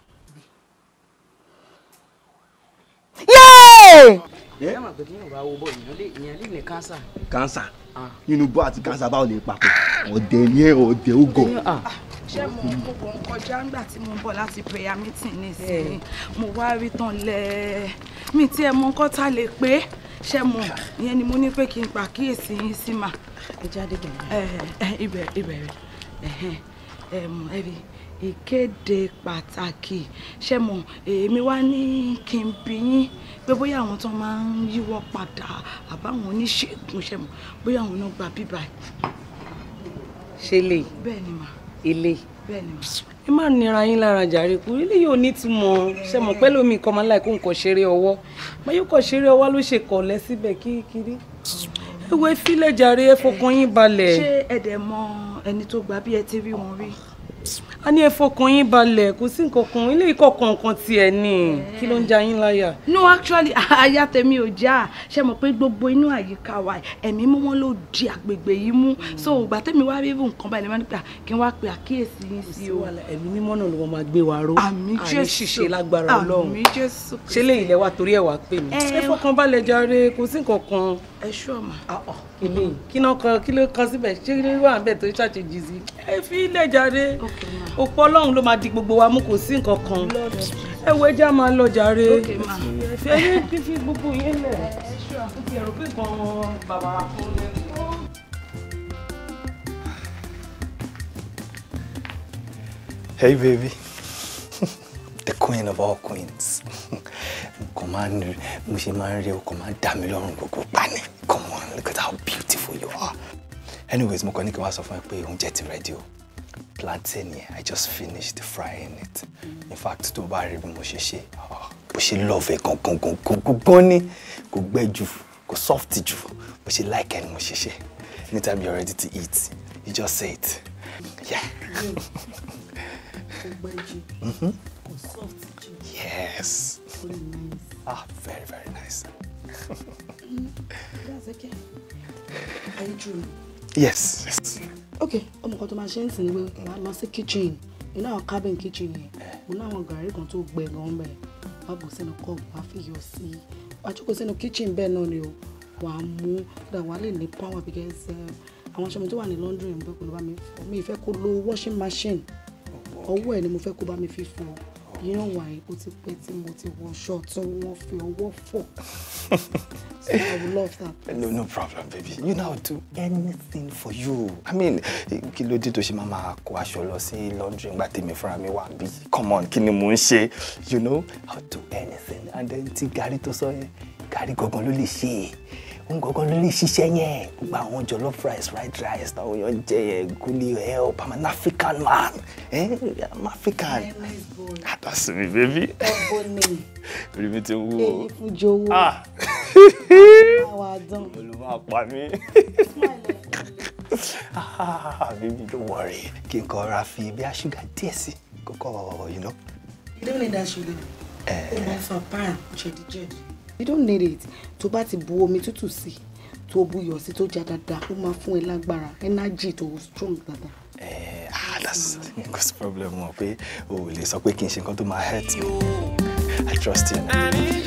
kánsà ah. nínú bọ́ àti kánsà báwo lè papọ̀ ọ̀dẹ̀ ni ẹ ọ̀dẹ̀ ah. ó ṣé mo mo kò ń kọjá nígbà tí mo ń bọ̀ láti prayer meeting nísìnyí eh. mo wá rí tán lẹ́ẹ̀ mi tí ẹ mọ nǹkan tá lè pé ṣé mo ìyẹn ni mo ní pé kí n pàkíyèsí yín sí mà. ẹ jáde gbẹ̀ngàn. Eh, eh, ibẹ̀ ibẹ̀ rẹ̀ ẹ̀hìn ẹ̀rí ìkéde pàtàkì ṣe mọ̀ èmi wá ní kí n bi yín pé bóyá àwọn tó máa ń yíwọ́ padà àbáwọn oníṣègùn ṣe mọ̀ bóyá àwọn náà gba bíbá yìí. ṣe lè bẹ́ẹ̀ ni mà. ilé bẹ́ẹ̀ ni mà. ẹ má nira yín lára jàre kú ilé yóò nítumọ̀ ṣe mọ̀ pẹ́ lómi kan máa ń láì kó nǹkan ṣeré ọwọ́ mo yóò kàn ṣeré ọwọ́ ló ṣe kọ̀ lẹ́ síbẹ̀ kíkiri. ewé filẹ̀ jàre ẹ fọkàn yín balẹ̀. ṣé ẹ̀dẹ̀ mọ ẹni tó gbà bí ẹ ti rí wọn rí a ní ẹ yín balẹ̀ kò sí nǹkan kan ilé ìkọ̀kan kan tiẹ̀ ni kí ló ń ja yín láyà. no actually aya tèmi ò já ṣe mọ̀ pé gbogbo inú àyíká wa ẹ̀mí mímọ́ ló di àgbègbè yìí mú so ìgbà tèmi wá rí nǹkan báyìí lẹ́mọ́ nípa kí n wá pe àkíyèsí yín sí o. ẹ̀mí mímọ́ náà ló máa gbé wa ró àmì jésù àmì jésù ṣe lè ilẹ̀ wa torí ẹ̀ wá pè mí. ẹ fọkàn balẹ̀ jàre kò sí nǹkan kan ẹ ṣú ọmọ. kí ló kan kí ló kan síbẹ̀ ṣé kí ló wà níbẹ̀ tó ṣàṣejì sí. ẹ fi ilé jàre òpó ọlọ́run ló máa di gbogbo wa mú kò sí nǹkan kan ẹ wo ẹjẹ́ a máa lọ jàre ẹyẹ fífi gbogbo yẹn lẹ̀ Hey baby the queen of all queens nǹkan máa ń mo ṣe máa ń rí ọkọ̀ máa ń dá mi lọ́rùn come on look at how beautiful you are anyways mo kàn ní kí wàá sọ fún ẹ pé oúnjẹ ti rẹ̀ o plantain yẹn i just finished frying it in fact tó bá rí bí mo ṣe ṣe bó ṣe lọ́ọ̀fẹ́ gangan gangan gangan ni kò gbẹ jù kò soft ju. bó ṣe like ẹni mo ṣe ṣe anytime you're ready to eat you just say it yeah. Mm-hmm soft jù. yes. very nice. ah very very nice. that's okay. are you true. yes yes. okay ọmọ kan tó máa ṣe ń sìn ní pé wàá lọ sí kitchen iná àwọn cabin kitchen yẹn mo ní àwọn gàrí kan tó gbẹ gan bẹ́ẹ̀ wàá bò sínú cup wàá fi yọ sí i wàá jókòó sínú kitchen bẹ́ẹ̀ náà ni o wàá mú kódà wàá lè ní power because àwọn aṣọ mi tó wà laundry ń bẹ kó ló bá mi fọ mi ìfẹ́ kó lo washing machine ọwọ́ ẹ̀ ni mo fẹ́ kó bá mi fi fọ mìíràn wà yìí kó ti pẹ́ tí mo ti wọṣọ tí wọ́n fi ọwọ́ fọ̀. So I would love that. No, no problem, baby. You know, to do anything for you. I mean, kí ló dé tó ṣe máa máa kó aṣọ lọ sí laundry nígbà tèmi fúnra mi wà bí? Come on, kí ni mò ń ṣe? You know, I'll do anything. And then tí gàrí tó sọ yẹn, gàrí gangan ló lè ṣe é nǹkankan ló lè ṣiṣẹ́ yẹn gba àwọn jollof rice fried rice táwọn èèyàn jẹ yẹn gúlì help i'm an african man eh? i'm african àtàsí mi bébí orí mi ti ń wú o èyí fún jowó ah. olùmọ̀ ah, don't worry kí n kọ́ ra fi bí a ṣúgà díẹ̀ sí kókó you know. you don't need that sugar. Uh, oh, my for pan, jẹ̀díjẹ̀dí you don't need it tó bá ti bu omi tútù sí tó bu iyọ̀ sí tó já dáadáa ó máa fún ẹ lágbára energy tó strong dáadáa. ẹ eh, ẹ ah that's kò problem wọn pe, o ò lè sọ pé kí n ṣe nǹkan tó máa hurt me i trust you. àníjẹ́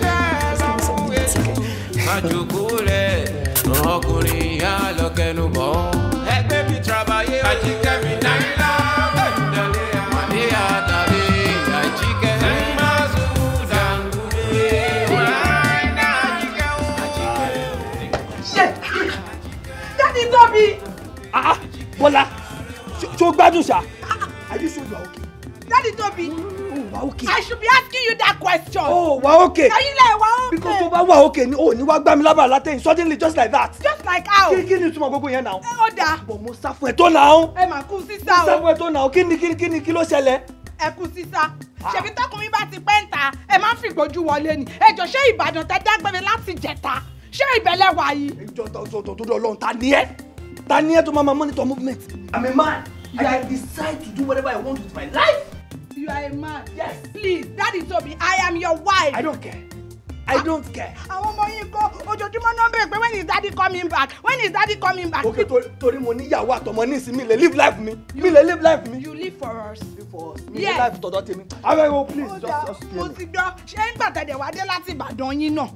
jẹ́ báwo pé àjòkó rẹ̀ ọkùnrin yà lọ́kẹ́nu bọ́ ẹgbẹ́ mi tàbáyé o. Ah, ah bọ́lá ṣó gbádùn ṣá. are you sure you are okay. dáàdi tóbi. o oh, wà okay. i should be asking you that question. Oh, wà okay. sẹ́yìn lẹ̀ wà okay. because tó bá wà okay oh, you ní wá gbá mi lábàrá látẹ̀yìn suddenly just like that. just like how. kí kí ni ìtumọ̀ gbogbo yẹn náà. ẹ eh, ó dáa. bọ̀ mo sá fún ẹ tó náà. ẹ mà kú sísá o. mo sá fún ẹ tó náà kí ni kí ni kí ló ṣẹlẹ̀ ẹ kú sísá ah. ṣèbí tọkùnrin bá ti pẹ́ ń ta ẹ máa ń fìgbójú wọlé ni ẹ jọ ṣé ìbàdàn tẹ dágbére láti jẹta ṣé ìbẹ̀lẹ̀ wà yìí. ìjọ tó tó tó tó lọ́n ta ni ẹ ta ni ẹ tó máa ma monitor movement. I'm a man. You I can decide to do whatever I want with my life. You are a man. Yes. Please, Daddy Tobi, I am your wife. I don't care. I ah, don't care. I want ọmọ yìí Ojo, ojoojúmọ́ náà bẹ̀rẹ̀ pé when is daddy coming back? When is daddy coming back? Okay, torí mo níyàwó àtọmọ ní ìsinmi lè live life me. Mi lè live life me. You live for us. Live for us. Mi live life tọ̀dọ̀ tèmi. Abẹ́wò please just just. Mo ti gbọ́ ṣé ń gbàtẹ̀dẹ̀ wá dé láti Ìbàdàn yín náà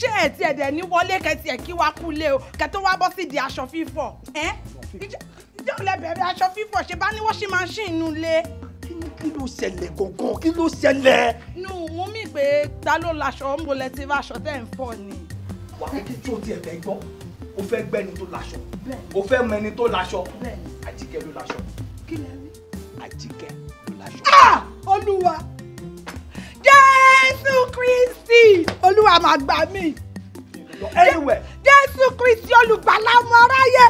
ṣé ẹ̀ tiẹ̀ dẹ̀ ní wọlé kẹtì ẹ̀ kí wá kú lé o kẹtó wá bọ́ sí di aṣọ fífọ̀ ẹ́ ìjọ lẹ bẹ̀rẹ̀ aṣọ fífọ̀ ṣe bá ní washing machine nù lé. kí ló ṣẹlẹ̀ gangan kí ló ṣẹlẹ̀. nù mú mi pé ta ló laṣọ ń bolẹ̀ tí aṣọ tẹ̀ ń fọ̀ ni. wà á kí tí o tiẹ̀ fẹ́ gbọ́ o fẹ́ gbẹ́ni tó laṣọ o fẹ́ mẹni tó laṣọ àjíkẹ́ ló laṣọ àjíkẹ́ ló laṣọ. Ah! olúwa jẹ́ jésù kristi olúwa máa gbà mí jésù kristi olùgbàlà ọmọ aráyé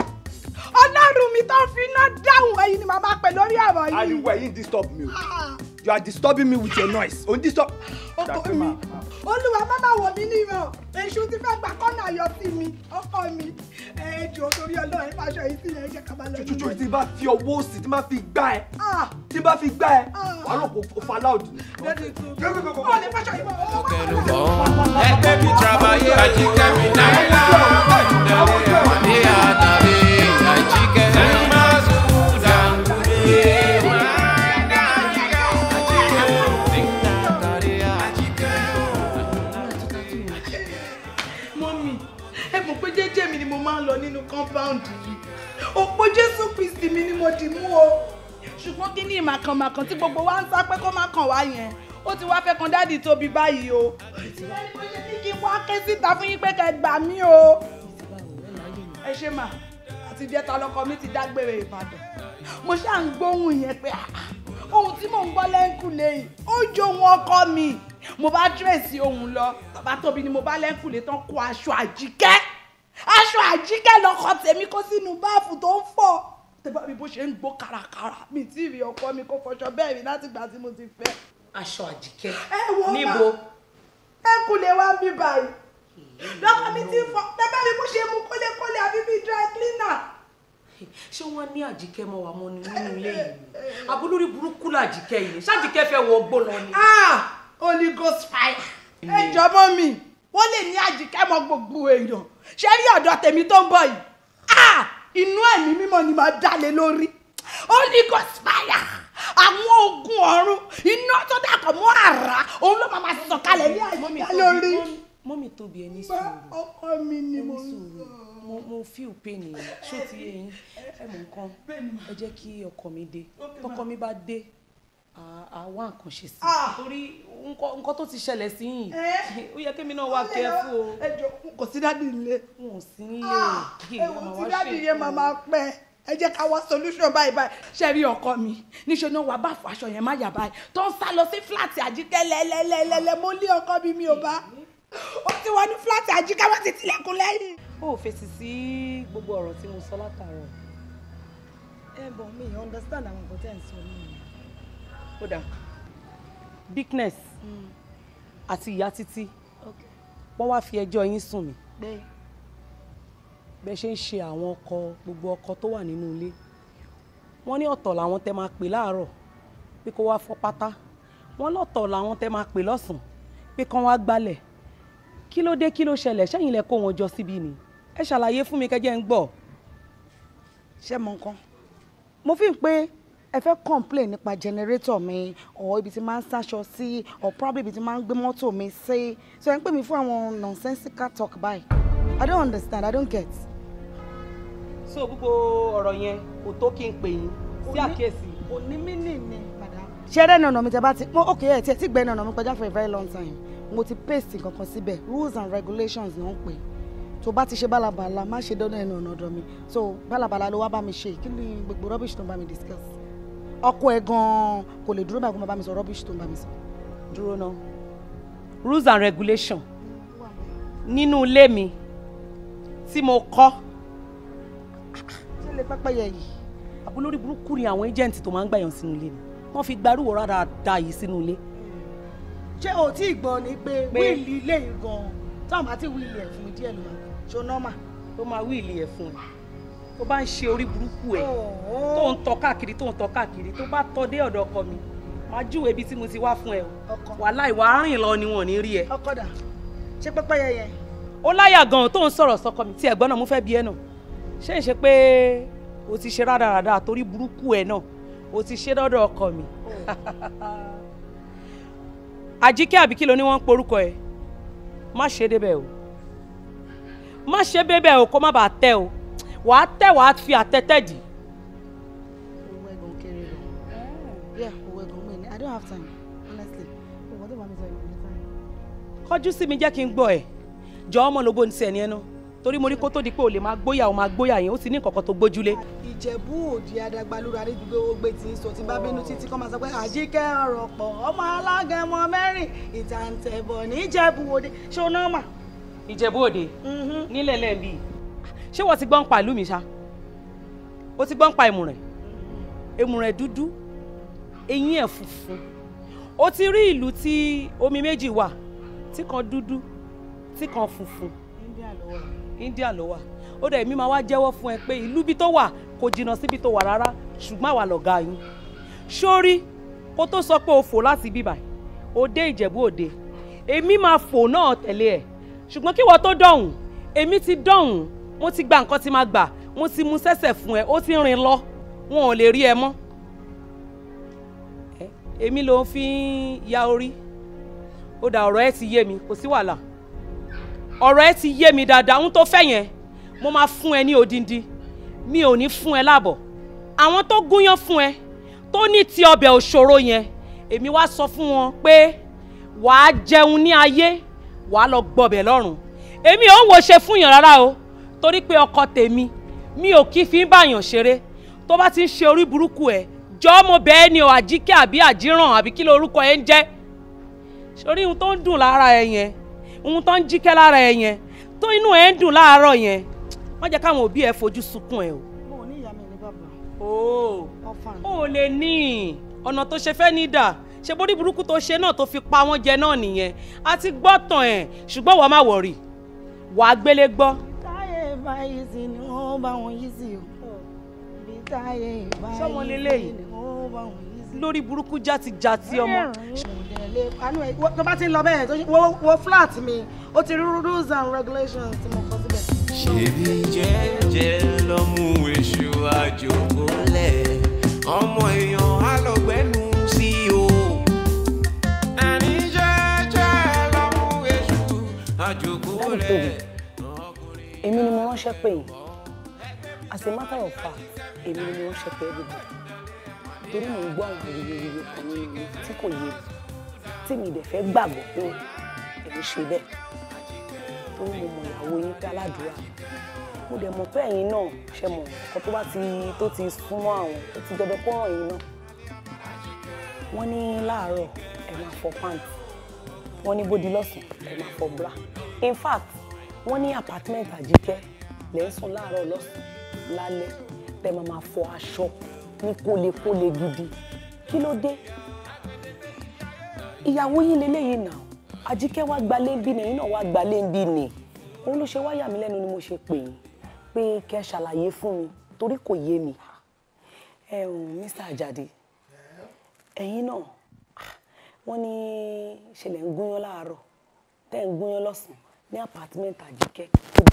ọlọ́run mi tó fi iná dáhùn ẹ̀yin ni màá máa pè lórí ọ̀rọ̀ yìí. ayiwe yìí disturb me o. Ah you are disturbing me with your noise o n disturb. ọkọ mi olúwa má má wò mí níran èṣù ti fẹ́ gba kọ́nà ayọ̀ sí mi ọkọ mi ẹ̀ẹ́dùn torí ọlọ́run fàṣọ yìí sílẹ̀ ẹ̀jẹ̀ ká máa lọ. jùjù tí bá fi ọwọ́ òsì tí bá fi gbá ẹ ah. tí bá fi gbá ẹ wàá lọ kó fa láòdù. ọ̀kẹ́lu kan ẹgbẹ́ mi tàbáyé àjíkẹ́ mi náírà ìdàlẹ́ àdé àdàlẹ́ àjíkẹ́ mi máa sùn dàngúlé. compound yìí òpó jésù kristi mi ni mo dì mú o ṣùgbọ́n kí ni ìmàkànmàkàn tí gbogbo wa ń sá pé kó má kàn wá yẹn ó ti wá fẹ́ kan dáàdì tóbi báyìí o ìtura ni mo ṣe ní kí n wá ké síta fún yín pé kẹ́ gbà mí o ẹ ṣe mà àti ìjẹta lọkọ mi ti dágbére ìbàdàn mo ṣáà ń gbóhùn yẹn pé ah, ohun tí mò ń gbọ́ lẹ́ńkù lẹ́yìn ó jó wọn ọkọ mi mo bá dírẹ̀sì ohun lọ bàbá tóbi ni mo bá lẹ́ńkù lé kó aṣọ àjíkẹ́ aṣọ àjíkẹ́ lọkọ tèmi kó sínú báàfù tó ń fọ tẹ́gbà mi bó ṣe ń gbó kárakára mi tí ìrì ọkọ mi kò fọṣọ bẹ́ẹ̀ mi láti gbà tí mo ti fẹ́. aṣọ àjíkẹ́ níbo. ẹ kú lè wá bí báyìí lọkọ mi ti fọ tẹ́gbà mi bó ṣe mú kólékólé àbí bíi dry cleaner. ṣé wọ́n ní àjíkẹ́ mọ́ wa mọ́ ni nínú ilé yìí abúlórí burúkú làjíkẹ́ yìí ṣáàjíkẹ́ fẹ́ wọ ọgbọ́n lọ ni. ah holy ghost fire ẹ jọmọ mi wọ́n lè ní àjíkẹ́ mọ́ gbogbo èèyàn ṣé rí ọ̀dọ̀ tèmi tó ń bọ̀ yìí ah inú ẹ̀mí mímọ́ ni màá dálé lórí holy ghost fire àwọn ogun ọ̀run iná tó dàpọ̀ mọ́ àrá òun ló máa sọ kalẹ̀ ní àìmọ́ lórí. tóbi ẹni sọ̀rọ̀ ọkọ mi ni mo sọ̀rọ̀ mo mo pain yẹn ṣó ti yẹ yín ẹ mọ nǹkan ẹ jẹ́ kí ọkọ mi dé tọkọ mi bá dé àwa nǹkan ṣe sí ah! torí nǹkan tó ti ṣẹlẹ̀ sí yìí eh? ó yẹ kémi náà wá kẹ́fù o. ẹ jọ kò sí dádì ilé. n ò sí nílé ah! ẹ wò tí dádì yẹn máa máa pẹ́ ẹ jẹ́ ká wá solution báyìí báyìí ṣe rí ọkọ mi níṣẹ́ náà wàá bá fọ aṣọ yẹn má yà báyìí tó ń sá lọ sí fúláàtì àjíkẹ́ lẹ́lẹ́lẹ́lẹ́lẹ́ mo lé ọkọ mi mi ò bá ó ti wọ ní fúláàtì àjíkẹ́ wọ́n ti tilẹ̀kùn lẹ́yìn. ó fèsì sí gbogbo ọ̀rọ̀ tí mo sọ látàárọ̀ ẹ eh, bọ̀ mi understand àwọn nǹkan tẹ́ ń sọ nínú bigness hmm. àti ìyá títí wọ́n wá fi ẹjọ́ yín sùn mí bẹ́ẹ̀ ṣe ń ṣe àwọn ọkọ gbogbo ọkọ tó wà nínú ilé wọ́n ní ọ̀tọ̀ làwọn tẹ máa pè láàárọ̀ pé kó wá fọ pátá wọ́n lọ́tọ̀ làwọn tẹ máa pè lọ́sàn pé kán wá gbálẹ̀ kí ló dé kí ló ṣẹlẹ̀ ṣẹ́yìn lẹ kó wọn jọ síbi ni ẹ ṣàlàyé fún mi kẹ́jẹ́ ń gbọ́. ṣé mo nǹkan. mo fi ń pé ẹ fẹ́ complain nípa generator mi or ibi tí máa ń sáṣọ sí or probably ibi tí máa ń gbé mọ́tò mi sí so ẹ ń pè mí fún àwọn nonsensical talk by. i don't understand i don't get. so gbogbo ọ̀rọ̀ yẹn kò tó kí n pè yín sí àkíyèsí. òní mi nì ni ṣẹ́rẹ́ nànà mi tẹ́ bá ti ok ẹ̀ tí ẹ ti gbẹ́ nànà mi kọjá for a very long time mo ti paste nǹkan kan rules and regulations ló ń pè é tó bá ti ṣe bálabàla má ṣe dọ́nà ẹnu ọ̀nà ọ̀dọ̀ mi so bálabàla ló wá bá mi ṣe kí ni gbogbo rubbish tó bá mi discuss ọkọ ẹ gan kò lè dúró báyìí kó máa bá mi sọ rubbish tó ń bá mi sọ dúró náà rules and regulation nínú ilé mi tí mo kọ́ ṣé lè pẹ́pẹ́yẹ yìí àbúlórí burúkú ni àwọn agent tó máa ń gbàyàn sínú ilé ni wọ́n fi gbarúwò rárá da yìí sínú ilé. ṣé o tí gbọ́n ni pé wíìlì ilé yìí gan táwọn bá ti wíìlì ẹ̀ fún mi díẹ̀ ló máa ṣo nọ́mà. ó máa wíìlì ẹ̀ fún mi tó bá ń ṣe orí burúkú ẹ̀ oh. tó ń tọ́ káàkiri tó ń tọ́ káàkiri tó bá tọ́ dé ọ̀dọ̀ ọkọ mi wàá júwe ibi tí mo ti wá fún ẹ o wàhálà ìwà rìn lọ ni wọn ò ní rí ẹ. ọkọ dà ṣé pẹ́pẹ́ yẹyẹ. ó láyà gan-an tó ń sọ̀rọ̀ sọkọ mi tí ẹ̀gbọ́n náà mo fẹ́ bi ẹ náà ṣé ń ṣe pé o ti ṣe rádaràda torí burúkú ẹ náà o ti ṣe dọ́dọ̀ ọkọ mi. Oh. àjíkẹ́ àbí kí ló ní wọ́n ń porúkọ ẹ má ṣe débẹ̀ o má ṣe débẹ̀ o kó má bàa tẹ́ o wàá tẹ̀ wàá fi àtẹ́tẹ́ dì. I don't have time honestly owó tó bá mi sọ yìí mi time. kọjú sí mi jẹ́ kí n gbọ́ ẹ̀ jọ ọmọ lóbo ní sẹ́ni ẹnu torí mo ní kó tó di pé o lè máa gbóyà o máa gbóyà yẹn ó sì ní nǹkankan tó gbójúlé. ìjẹ̀bú òdì adagbalúra ní gbogbo ogbe tí ń sọ tí bá bínú títí kọ́ máa sọ pé àjíkẹ́ ọ̀rọ̀ pọ̀ ọmọ alágẹmọ mẹ́rin ìtàǹtẹ̀bọ̀ níjẹ̀bú òde ṣó nọ́ọ̀mà. ìjẹ̀bú òde mm-hmm. nílẹ̀ lẹ́ẹ̀bí ṣé wọ́n ti gbọ́ ń pa ìlú mi ṣá o ti gbọ́ ń pa ìmùrẹ̀ ìmùrẹ̀ dúdú eyín ẹ̀ funfun o ti rí ìlú tí omi méjì wà tí kan dúdú tí kan funfun India ló wà ó dẹ̀ mi máa wá jẹ́wọ́ fún ẹ pé ìlú bí tó wà kò jìnnà síbi tó wà rárá ṣùgbọ́n àwa lọ̀gá yín sórí kó tó sọ pé o fò láti bíbà òde Ìjẹ̀bú Òde èmi máa fò náà tẹ̀lé ẹ̀ ṣùgbọ́n kí wọ́n tó dọ̀hùn èmi ti dọ̀hùn mo ti gba nǹkan tí máa gbà mo ti mu sẹ́sẹ̀ fún ẹ ó ti rìn lọ wọn ò lè rí ẹ mọ́ èmi ló fi ń ya orí ó dà ọ̀rọ̀ ẹ ti yé mi kò sí wàhálà ọ̀rọ̀ ẹ ti yé mi dáadáa ohun tó fẹ́ yẹn mo máa fún ẹ ní odindi mi ò ní fún ẹ láàbọ̀ àwọn tó gúnyán fún ẹ tó ní ti ọbẹ̀ òṣòro yẹn èmi wá sọ fún wọn pé wàá jẹun ní ayé wàá lọ gbọbẹ̀ lọ́rùn èmi ò ń wo ṣe fún yàn rárá o torí pé ọkọ tèmi mi ò kí fi ń bàyàn ṣeré tó bá ti ń ṣe orí burúkú ẹ jọ mo bẹ́ẹ̀ ni ọ àjíkẹ́ àbí àjíràn àbí kí lorúkọ ẹ ń jẹ́ sórí ohun tó ń dùn lára ẹ yẹn ohun tó ń jíkẹ́ lára ẹ yẹn tó inú ẹ ń dùn láàárọ̀ yẹn wọ́n jẹ́ káwọn òbí ẹ fojú sunkún ẹ o. mo ní ìyá mi ní bàbá. o lè ní ọ̀nà tó ṣe fẹ́ ní dà ṣe borí burúkú tó ṣe náà tó fi pa wọ́n jẹ náà nìyẹn a ti gbọ́ tàn ẹ̀ ṣùgbọ́n wàá má wọ̀rì wàá gbélé gbọ́ bá yí sí ni wọ́n bá wọn yí sí o bí táyé ìbá yí sí ni wọ́n bá wọn yí sí. lórí burúkú játijàti ọmọ. tó bá ti ń lọ bẹ́ẹ̀ wo flat mi ó ti rí rules and regulations tí mo kọ síbẹ̀. ṣèbí jẹ́jẹ́ lọ́mú èṣù àjòkólẹ̀ ọmọ èèyàn á lọ gbẹ́nu sí o. àní jẹ́jẹ́ lọ́mú èṣù àjòkólẹ̀ èmi ni mo ránṣẹ́ pè yín as a matter of fact èmi ni mo ránṣẹ́ pè gbogbo torí mo ń gbọ́ àwọn ìrírí kan nínú mi tí kò yé tí mi dẹ̀ fẹ́ gbàgbọ́ pé èmi ṣe bẹ́ẹ̀ torí mo mọ̀ ìyàwó yín pé aládùúrà mo dẹ̀ mọ̀ pé ẹ̀yin náà ṣe mọ̀ ọ̀kan tó bá ti tó ti súnmọ́ àwọn tó ti dọ́dọ̀ pọ́ ọ̀ràn náà wọ́n ní láàárọ̀ ẹ máa fọ pant wọ́n ní bódi lọ́sàn-án ẹ máa fọ bra in fact wọ́n ní apartment àjíkẹ́ lẹ́ ń sùn láàárọ̀ lọ́sàn-án lálẹ́ tẹ́ máa máa fọ aṣọ ní kólekóle gidi kí ló dé ìyàwó yín leléyìí nà àjíkẹ́ wá gbalé ń bí ni ẹ̀yin náà wá gbalé ń bí ni òun ló ṣe wá yà mí lẹ́nu ni mo ṣe pè yín pé kẹ́ ṣàlàyé fún mi torí kò yé mi ẹ ò Mr. Ajadi ẹ̀yin náà wọ́n ní ṣẹlẹ̀ ń gúnyán láàárọ̀ tẹ́ ń gúnyán lọ́sàn-án ní apartment àjíkẹ́ tó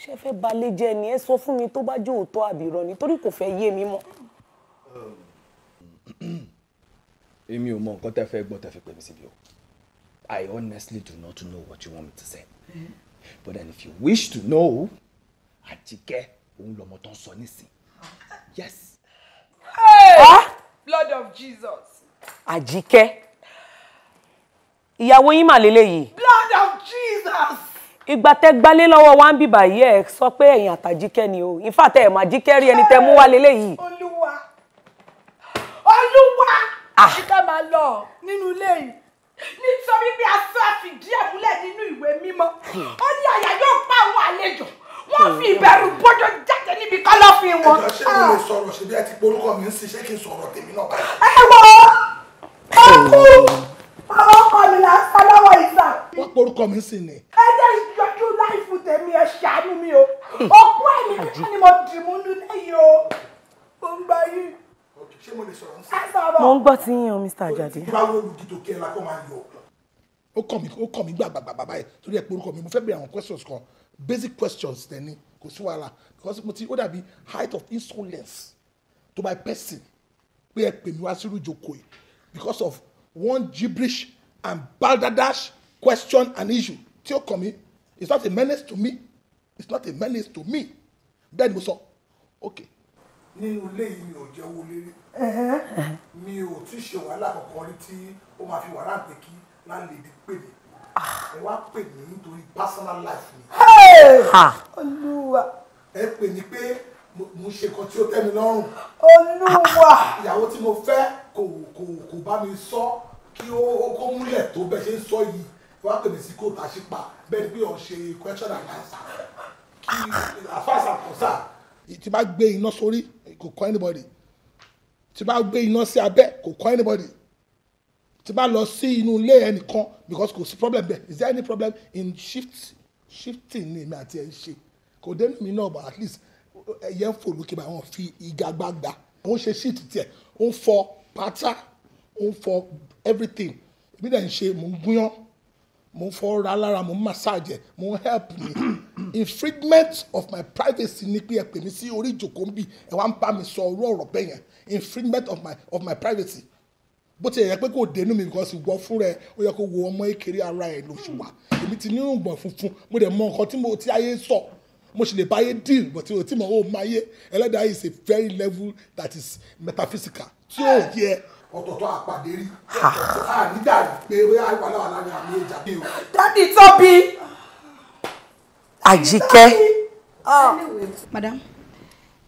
ṣe fẹ́ balẹ̀ jẹ́ ni ẹ sọ fún mi tó bá jẹ́ òótọ́ àbírọ̀ nítorí kò fẹ́ yé mi mọ́. Um, èmi ò mọ nǹkan tẹ́ fẹ́ gbọ́ tẹ́ fi pè mí síbi o I honestly do not know what you want me to say but then if you wish to know àjíkẹ́ òun lọmọ tó ń sọ nísìn yes. Hey! Ah? Blood of Jesus. àjíkẹ́ ìyàwó yín mà lélẹ́yìí. blood Jesus. ìgbà tẹ gbalé lọ́wọ́ wa ń bì báyìí ẹ sọ pé ẹ̀yin àtàjíkẹ́ ni o in fact ẹ̀ máa jíkẹ́ rí ẹni tẹ mú wá leléyìí. olúwa olúwa àṣìká ah! máa lọ nínú ilé yìí nítorí bí a sọ àfìdí ẹ̀ nínú ìwé mímọ́ ó ní àyà yóò pa àwọn àlejò wọ́n fi ìbẹ̀rù bójó jáde níbi kọ́lọ́fín wọn. ẹjọ ṣé mo lè sọ̀rọ̀ ṣe bí ẹ ti porúkọ mi ń ṣiṣẹ́ kí n sọ̀rọ̀ tèmi náà báyìí. ẹ wọ ọkùnrin porúkọ mi sì ni. ẹ jẹ́ ìjọ́jú láìfù tèmi ẹ ṣàánú mi o ọgbọ́n ẹ̀mí kíkọ́ ni mo dì mú nínú lẹ́yìn o mo ń bá yín. ṣé mo lè sọ̀rọ̀ ń sọ. mo ń gbọ́ tí yíyan Mr. Ajadi. báwo olùdíje kí ẹ la máa yọ. ó kàn mí ó kàn mí gbàgbàgbà báyìí torí ẹ porúkọ mi mo fẹ́ bẹ̀rẹ̀ àwọn questions kan basic questions tẹ̀ ni kò sí wàhálà because mo ti ó dàbí height of insolence to my person pé ẹ pè mí wá sírú ìjókòó yìí because of one gibberish and balderdash question an issue tí ó kàn mí it's not a menace to me it's not a menace to me bẹ́ẹ̀ ni mo sọ ok. nínú ilé yìí mi ò jẹ́ owó lérí mi ò tí ì ṣe wàhálà kankan rí tí ó máa fi wàhálà pé kí láńlẹ́dì pè mí ẹ wá pè mí nítorí personal life mi. olúwa. ẹ pè mí pé mo ṣe kan tí ó tẹ́ mi lọ́rùn. olúwa. ìyàwó tí mo fẹ́ kò kò kò bá mi sọ kí ó kó múlẹ̀ tó bẹ́ẹ̀ ṣe ń sọ yìí wọ́n á pè mí sí kóòtù àṣìpa bẹ́ẹ̀ ni pé ò ń ṣe question and answer kí àfàṣà kò sà. tí bá gbé iná sórí kò kọ́ anybody tí bá gbé iná sí abẹ́ kò kọ́ anybody tí bá lọ sí inú ilé ẹnìkan because kò sí problem bẹ́ẹ̀ is there any problem in shift shifting ni èmi àti ẹ̀ ń ṣe kò dé mi náà but at least ẹ̀yẹ́ ń fò lókè bá wọn fi ìgagbága òun ṣe sheet tiẹ̀ òun fọ pátá òun fọ everything èmi dẹ̀ ń ṣe mò ń gúnyán mo fọ́ra lára mo massage mo help me infringement of my privacy ni pé ẹ pè mí sí orí ìjòkó ń ẹ wá ń bá mi sọ ọ̀rọ̀ ọ̀rọ̀ bẹ́ẹ̀ yẹn infringement of my of my privacy bó ti yẹ pé kò dénú mi because ìwọ fún rẹ ó yẹ kó wo ọmọ ìkéré ara ẹ lóṣù wa èmi ti ní ìrùngbọ̀n funfun mo dẹ̀ mọ nǹkan tí mo ti ayé sọ mo sì lè báyé deal but o ti mọ̀ ó máa yé ẹlẹ́dàá is a very level that is metaphysical tí ó yẹ. Yeah ọ̀tọ̀ọ̀tọ̀ àpàdé rí nígbà pé wà láwà láàrin àmì ìjà bí o. dádì tóbi. àjíkẹ́. Ah. Ah. madam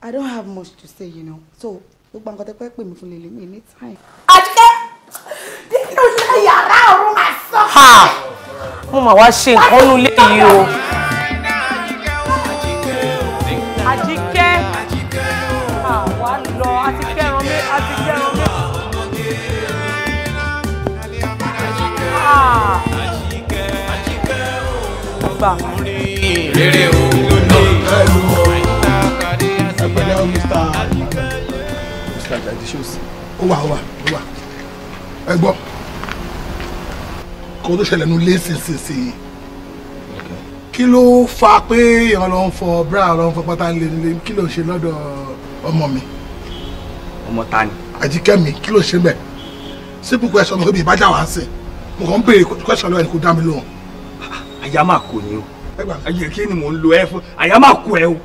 i don't have much to say you know so gbogbo nǹkan tẹ pẹ́ pè mí fún lèlè mi ní time. àjíkẹ́ nínú ilé yàrá òun máa mo mà wá ṣe nǹkan nulẹ̀ yìí o. gbà. rere o lóde ẹlú o ẹgbẹ̀lẹ́ o mr mr ó wà ó wà ó wà ẹ gbọ́ kó tó ṣẹlẹ̀ nu lé sísìsì kí ló fa pé ọlọ́run bra ọlọ́run pátá lé nílé kí ló ṣe lọ́dọ̀ ọmọ mi. ọmọ ta ni. àjíkẹ́mi kí ló ṣe bẹ́ẹ̀ simple question mi ò bí ìbájà wá sí mo kàn ń béèrè question lọ́wọ́ ẹni kò dá mi lóhùn àyà máa kò ní o ayé kí ni mò ń lo ẹ fún àyà máa kò ẹ o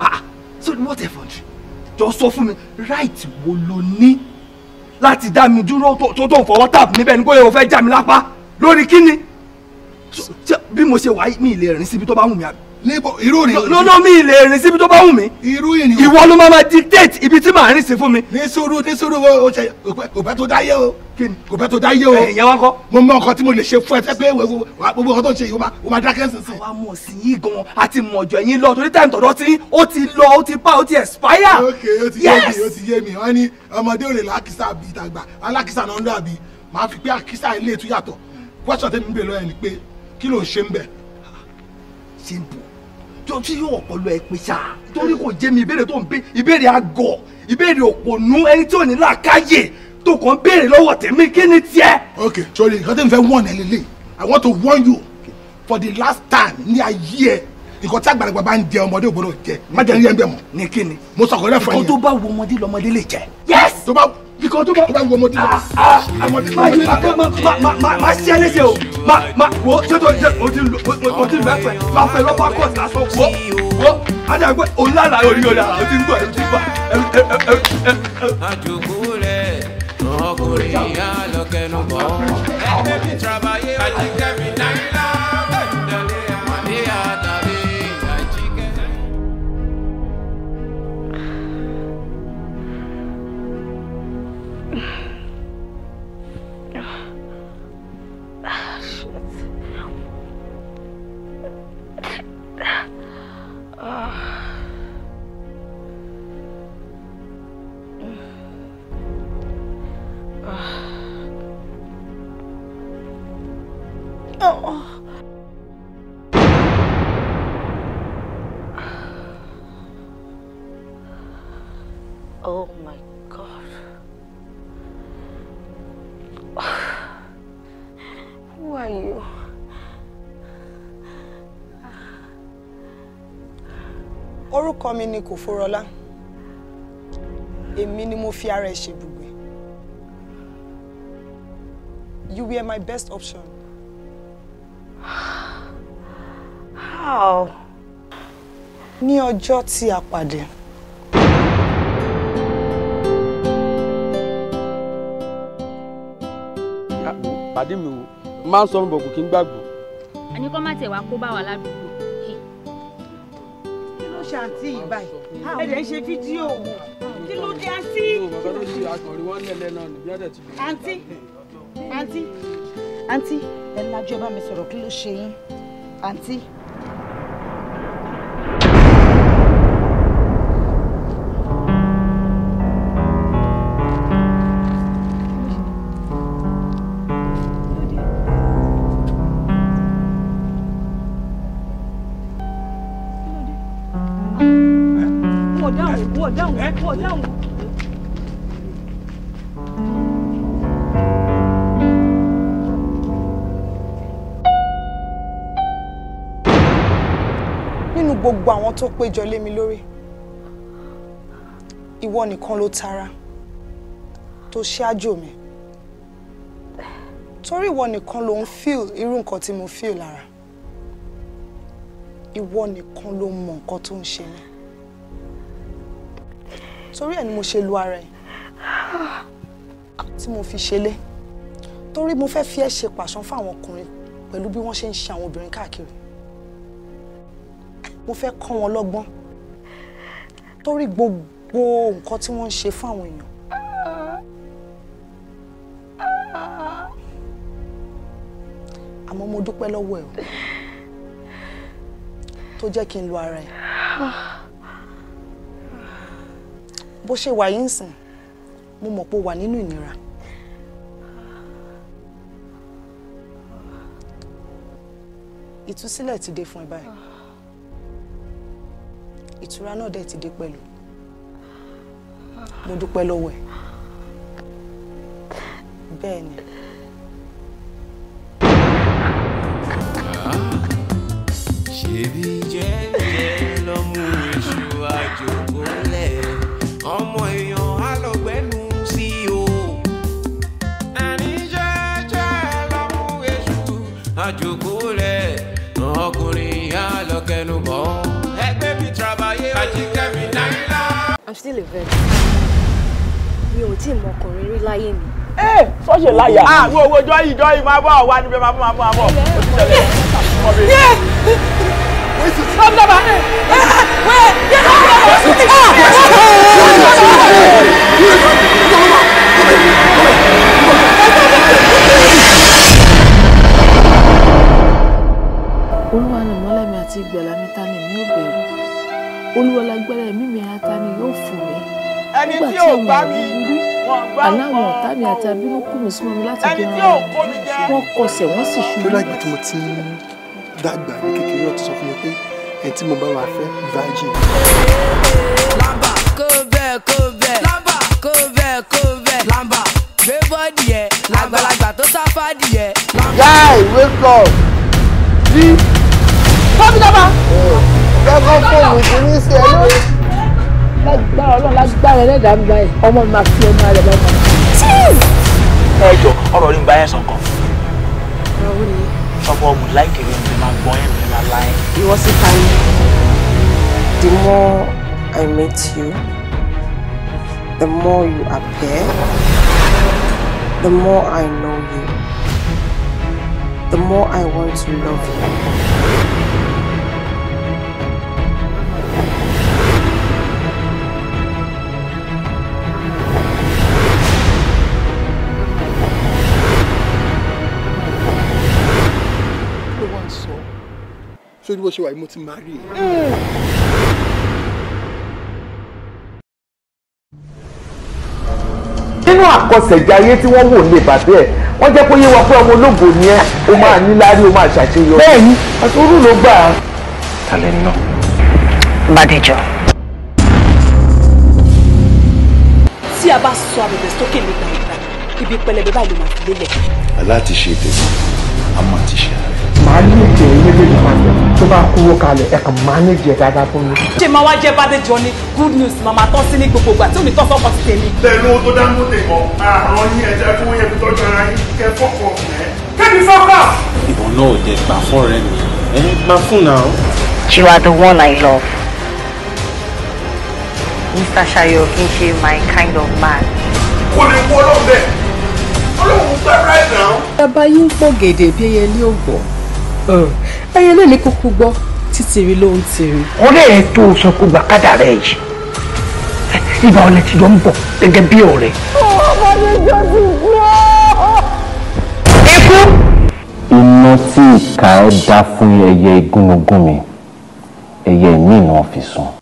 ah so what infantry jọ sọ fún mi right wo lo ní láti dá mi dúró tó tó fọwọ́ tap mi bẹ́ẹ̀ ni bóyá o fẹ́ já mi lápá lórí kí ni bí mo ṣe wà mí ìlera ní síbi tó bá wù mí àbí níbo irú ni. lọ́nà mi lè rìn síbi tó bá wù mí. irú ìrìn o. ìwọ ló máa ma dictate ibi tí màá rìn sí fún mi. ní sùúrù ní sùúrù o ṣe kò bẹ́ tó dáyé o. kíni kò bẹ́ tó dáyé o. ẹ̀yẹ wa kọ́. mo mọ nǹkan tí mo lè ṣe fún ẹ tẹ́ pé gbogbo nǹkan tó ń ṣe yìí o máa dákẹ́ sísìn. àwa mọ̀ sí yín gan àti mọ̀jọ̀ yín lọ torí táìmù tọ̀dọ̀ tí ó ti lọ ó ti pa ó ti expire. ok ó ti yé mi ó ti yé mi wọ́n ní ọmọdé ò lè lákìsà bíi tàgbà alákìsà náà ń dà bíi màá fi pé àkìsà ilé ìtúyàtọ̀ question tẹ́mi ń bè lọ́yẹ̀ ni pé kí ló ń ṣe ń bẹ̀. simple jọ tí yóò ọpọlọ ẹ pé ṣáà torí kò jẹ́ mi ìbéèrè tó ń bẹ ìbéèrè àgọ̀ ìbéèrè òpònú ẹni tí ò ní làákàyè tó kàn béèrè lọ́wọ́ tèmi kí ni tiẹ̀. ok sorry nǹkan tí mo fẹ́ wọ̀n ẹ lélẹ̀ i want to warn you for the last time ní ayé ẹ nǹkan tí àgbàlagbà bá ń jẹ ọmọdé ò gbọdọ̀ jẹ má jẹ ní yẹn bẹ mọ. ní kíni. mo sọkọ rẹ yẹn. nǹkan tó bá wo ọmọdé lọmọdé lè jẹ. yes. tó bá ìkan tó bá wà wọ ọmọdé náà. Ah, ah. ọmọdé náà yóò ká ma ma ma ṣe é léṣe o ma ma wo ṣètò ṣe òdi òdi mẹfẹ ma fẹ lọ bá kọ wo wo adàgbẹ olùlànà orí ọ̀dà òdi ń bọ̀ ẹ̀rù ti bà ẹ̀rù. rẹ̀ ọkùnrin yà lọ́kẹ́nu bọ̀ ẹ̀ẹ́dẹ́gbẹ̀ẹ́ orúkọ mi ni Kòfórọlá èmi ni mo fi ara ẹ̀ ṣèbùgbé you were my best option. How? Ní ọjọ́ tí a pàdé. Ah, pàdé mi o máa ń sọ fún bọ̀kù kí n gbàgbọ́. àníkọ́ má tẹ̀ wá kó bá wa ládùúgbò àǹtí yìí báyìí ẹ dẹ̀ ń ṣe fídíò kí ló dé àǹtí. àǹtí àǹtí àǹtí ẹ lájú bá mi sọ̀rọ̀ kí ló ṣe yín àǹtí. gbogbo àwọn tó péjọ lé mi lórí ìwọ nìkan ló tara tó ṣáájú mi torí ìwọ nìkan ló ń feel irú nǹkan tí mo feel lára ìwọ nìkan ló mọ nǹkan tó ń ṣe mí torí ẹ̀ ni mo ṣe lu ara ẹ̀ tí mo fi ṣẹlẹ̀ torí mo fẹ́ fi ẹ́ ṣe pàṣán fáwọn ọkùnrin pẹ̀lú bí wọ́n ṣe ń ṣe àwọn obìnrin káàkiri mo fẹ́ kọ́ wọn lọ́gbọ́n torí gbogbo nǹkan tí wọ́n ń ṣe fún àwọn èèyàn. àmọ́ mo dúpẹ́ lọ́wọ́ ẹ̀ o tó jẹ́ kí n lo ara ẹ̀ bó ṣe wà yín sìn mo mọ̀ pé o wà nínú ìnira. ìtúsílẹ̀ ti dé fún ẹ báyìí ìtura náà dẹ̀ ti dé pẹ̀lú mo dúpẹ́ lọ́wọ́ ẹ̀ bẹ́ẹ̀ ni. Ah, ṣebí jẹ́. I'm still a virgin. Mi ò tí ì mọ ọkùnrin rí láyé mi. Ẹ eh, sọ́ṣẹ̀ láyà. À ah, wo wo jọ́yì jọ́yì máa bọ̀ wá níbẹ̀ máa bọ̀ máa bọ̀ máa bọ̀. O ti tẹ̀lé ọmọ mi. Yé! Wọ́n dábà ẹ̀ ẹ̀ wẹ̀ yẹ kí wọ́n bọ̀ sí ti ká. Ẹ sọ́ṣẹ̀ olúwa lágbára ẹ̀mí mi ata ni yóò fún mi ẹni tí ò gbá mi aláwọ̀ ọ̀tá mi àti abínú kù mí súnmọ́ mi láti gbé wọn wọn kọsẹ̀ wọ́n sì ṣubú. lọ́la ìgbà tí mo ti ń dàgbà ní kékeré ọ̀tún sọ fún mi pé ẹ̀ tí mo bá wà fẹ́ virgin. lábà kó bẹ́ẹ̀ kó bẹ́ẹ̀ lábà kó bẹ́ẹ̀ kó bẹ́ẹ̀ lábà gbé bọ́ọ̀dì yẹ àgbàlagbà tó sáfà dìyẹ. yáà ìwé kọ lọ́kọ́ fóònù kì í ṣe ẹ lórí. lágbára ọlọ́run lágbára ẹlẹ́dàá ń gba ẹ̀ ọmọ mi máa fi ọmọ rẹ̀ lọ́mọ. ẹ jọ ọ̀rọ̀ ní gba ẹ sọ kan. sọpọ would like you to máa gbọ́ yẹn mi máa la ẹ. ìwọ sí tani the more I meet you the more you appear the more I know you the more I want to love you. sórí bó ṣe wà yìí mo ti máa rí ẹ. nínú àkọsẹ̀jáyé tí wọ́n wò lè bàbá ẹ̀ wọ́n jẹ́ kó yé wa pé ọmọ ológo ni ẹ́ o máa ní láárí o máa ṣàṣeyọrí. bẹ́ẹ̀ni àtúrú ló gbà. talẹ̀ náà. Bàdéjọ. tí a bá sọ àbẹ̀bẹ̀ sókè nígbà ìgbà ibi pẹlẹbẹ báyìí ló máa fi lélẹ̀. aláàtìṣe tèmi a máa ti ṣe àárẹ̀ máa ní ìjẹ méjèèjì tó bá kúrò kalẹ̀ ẹ kàn máa ní ìjẹ fún mi. ṣé máa wá jẹ́ bàdé jọ ni good news màmá tọ́ sí ní gbogbo ìgbà tí ò tọ́ sọ́kọ ti tèmi. bẹ́ẹ̀ ló tó dáńgó tè mọ àrùn yín ẹjẹ fún yẹn tọ́jú ara yín kẹ fọkọ ẹ. kébì fọkọ. ìbọn náà ò dé gbà fún ọ̀rẹ́ mi ẹ má fún náà. You are the one I love. Mr. Shayo kì í ṣe my kind of man. kò lè wọ ọlọ́run ọlọ́run gbàgbá ẹ̀ náà. bàbá yín pọ̀ gèdè bí ẹyẹ ní ògbọ́n ayé náà ní kúkú gbọ́ títìrí ló ń tìrí. ọ̀rẹ́ ẹ tó o sọ kó gbà kádà rẹ yìí ìgbà ọ̀lẹ́ ti jọ ń bọ̀ gẹ́gẹ́ bí ọ̀rẹ́. ọmọ mi jọ ti gbọ́. ikú. iná tí ìka ẹ dá fún ẹyẹ igúnnugún mi ẹyẹ mi ni wọn fi sùn.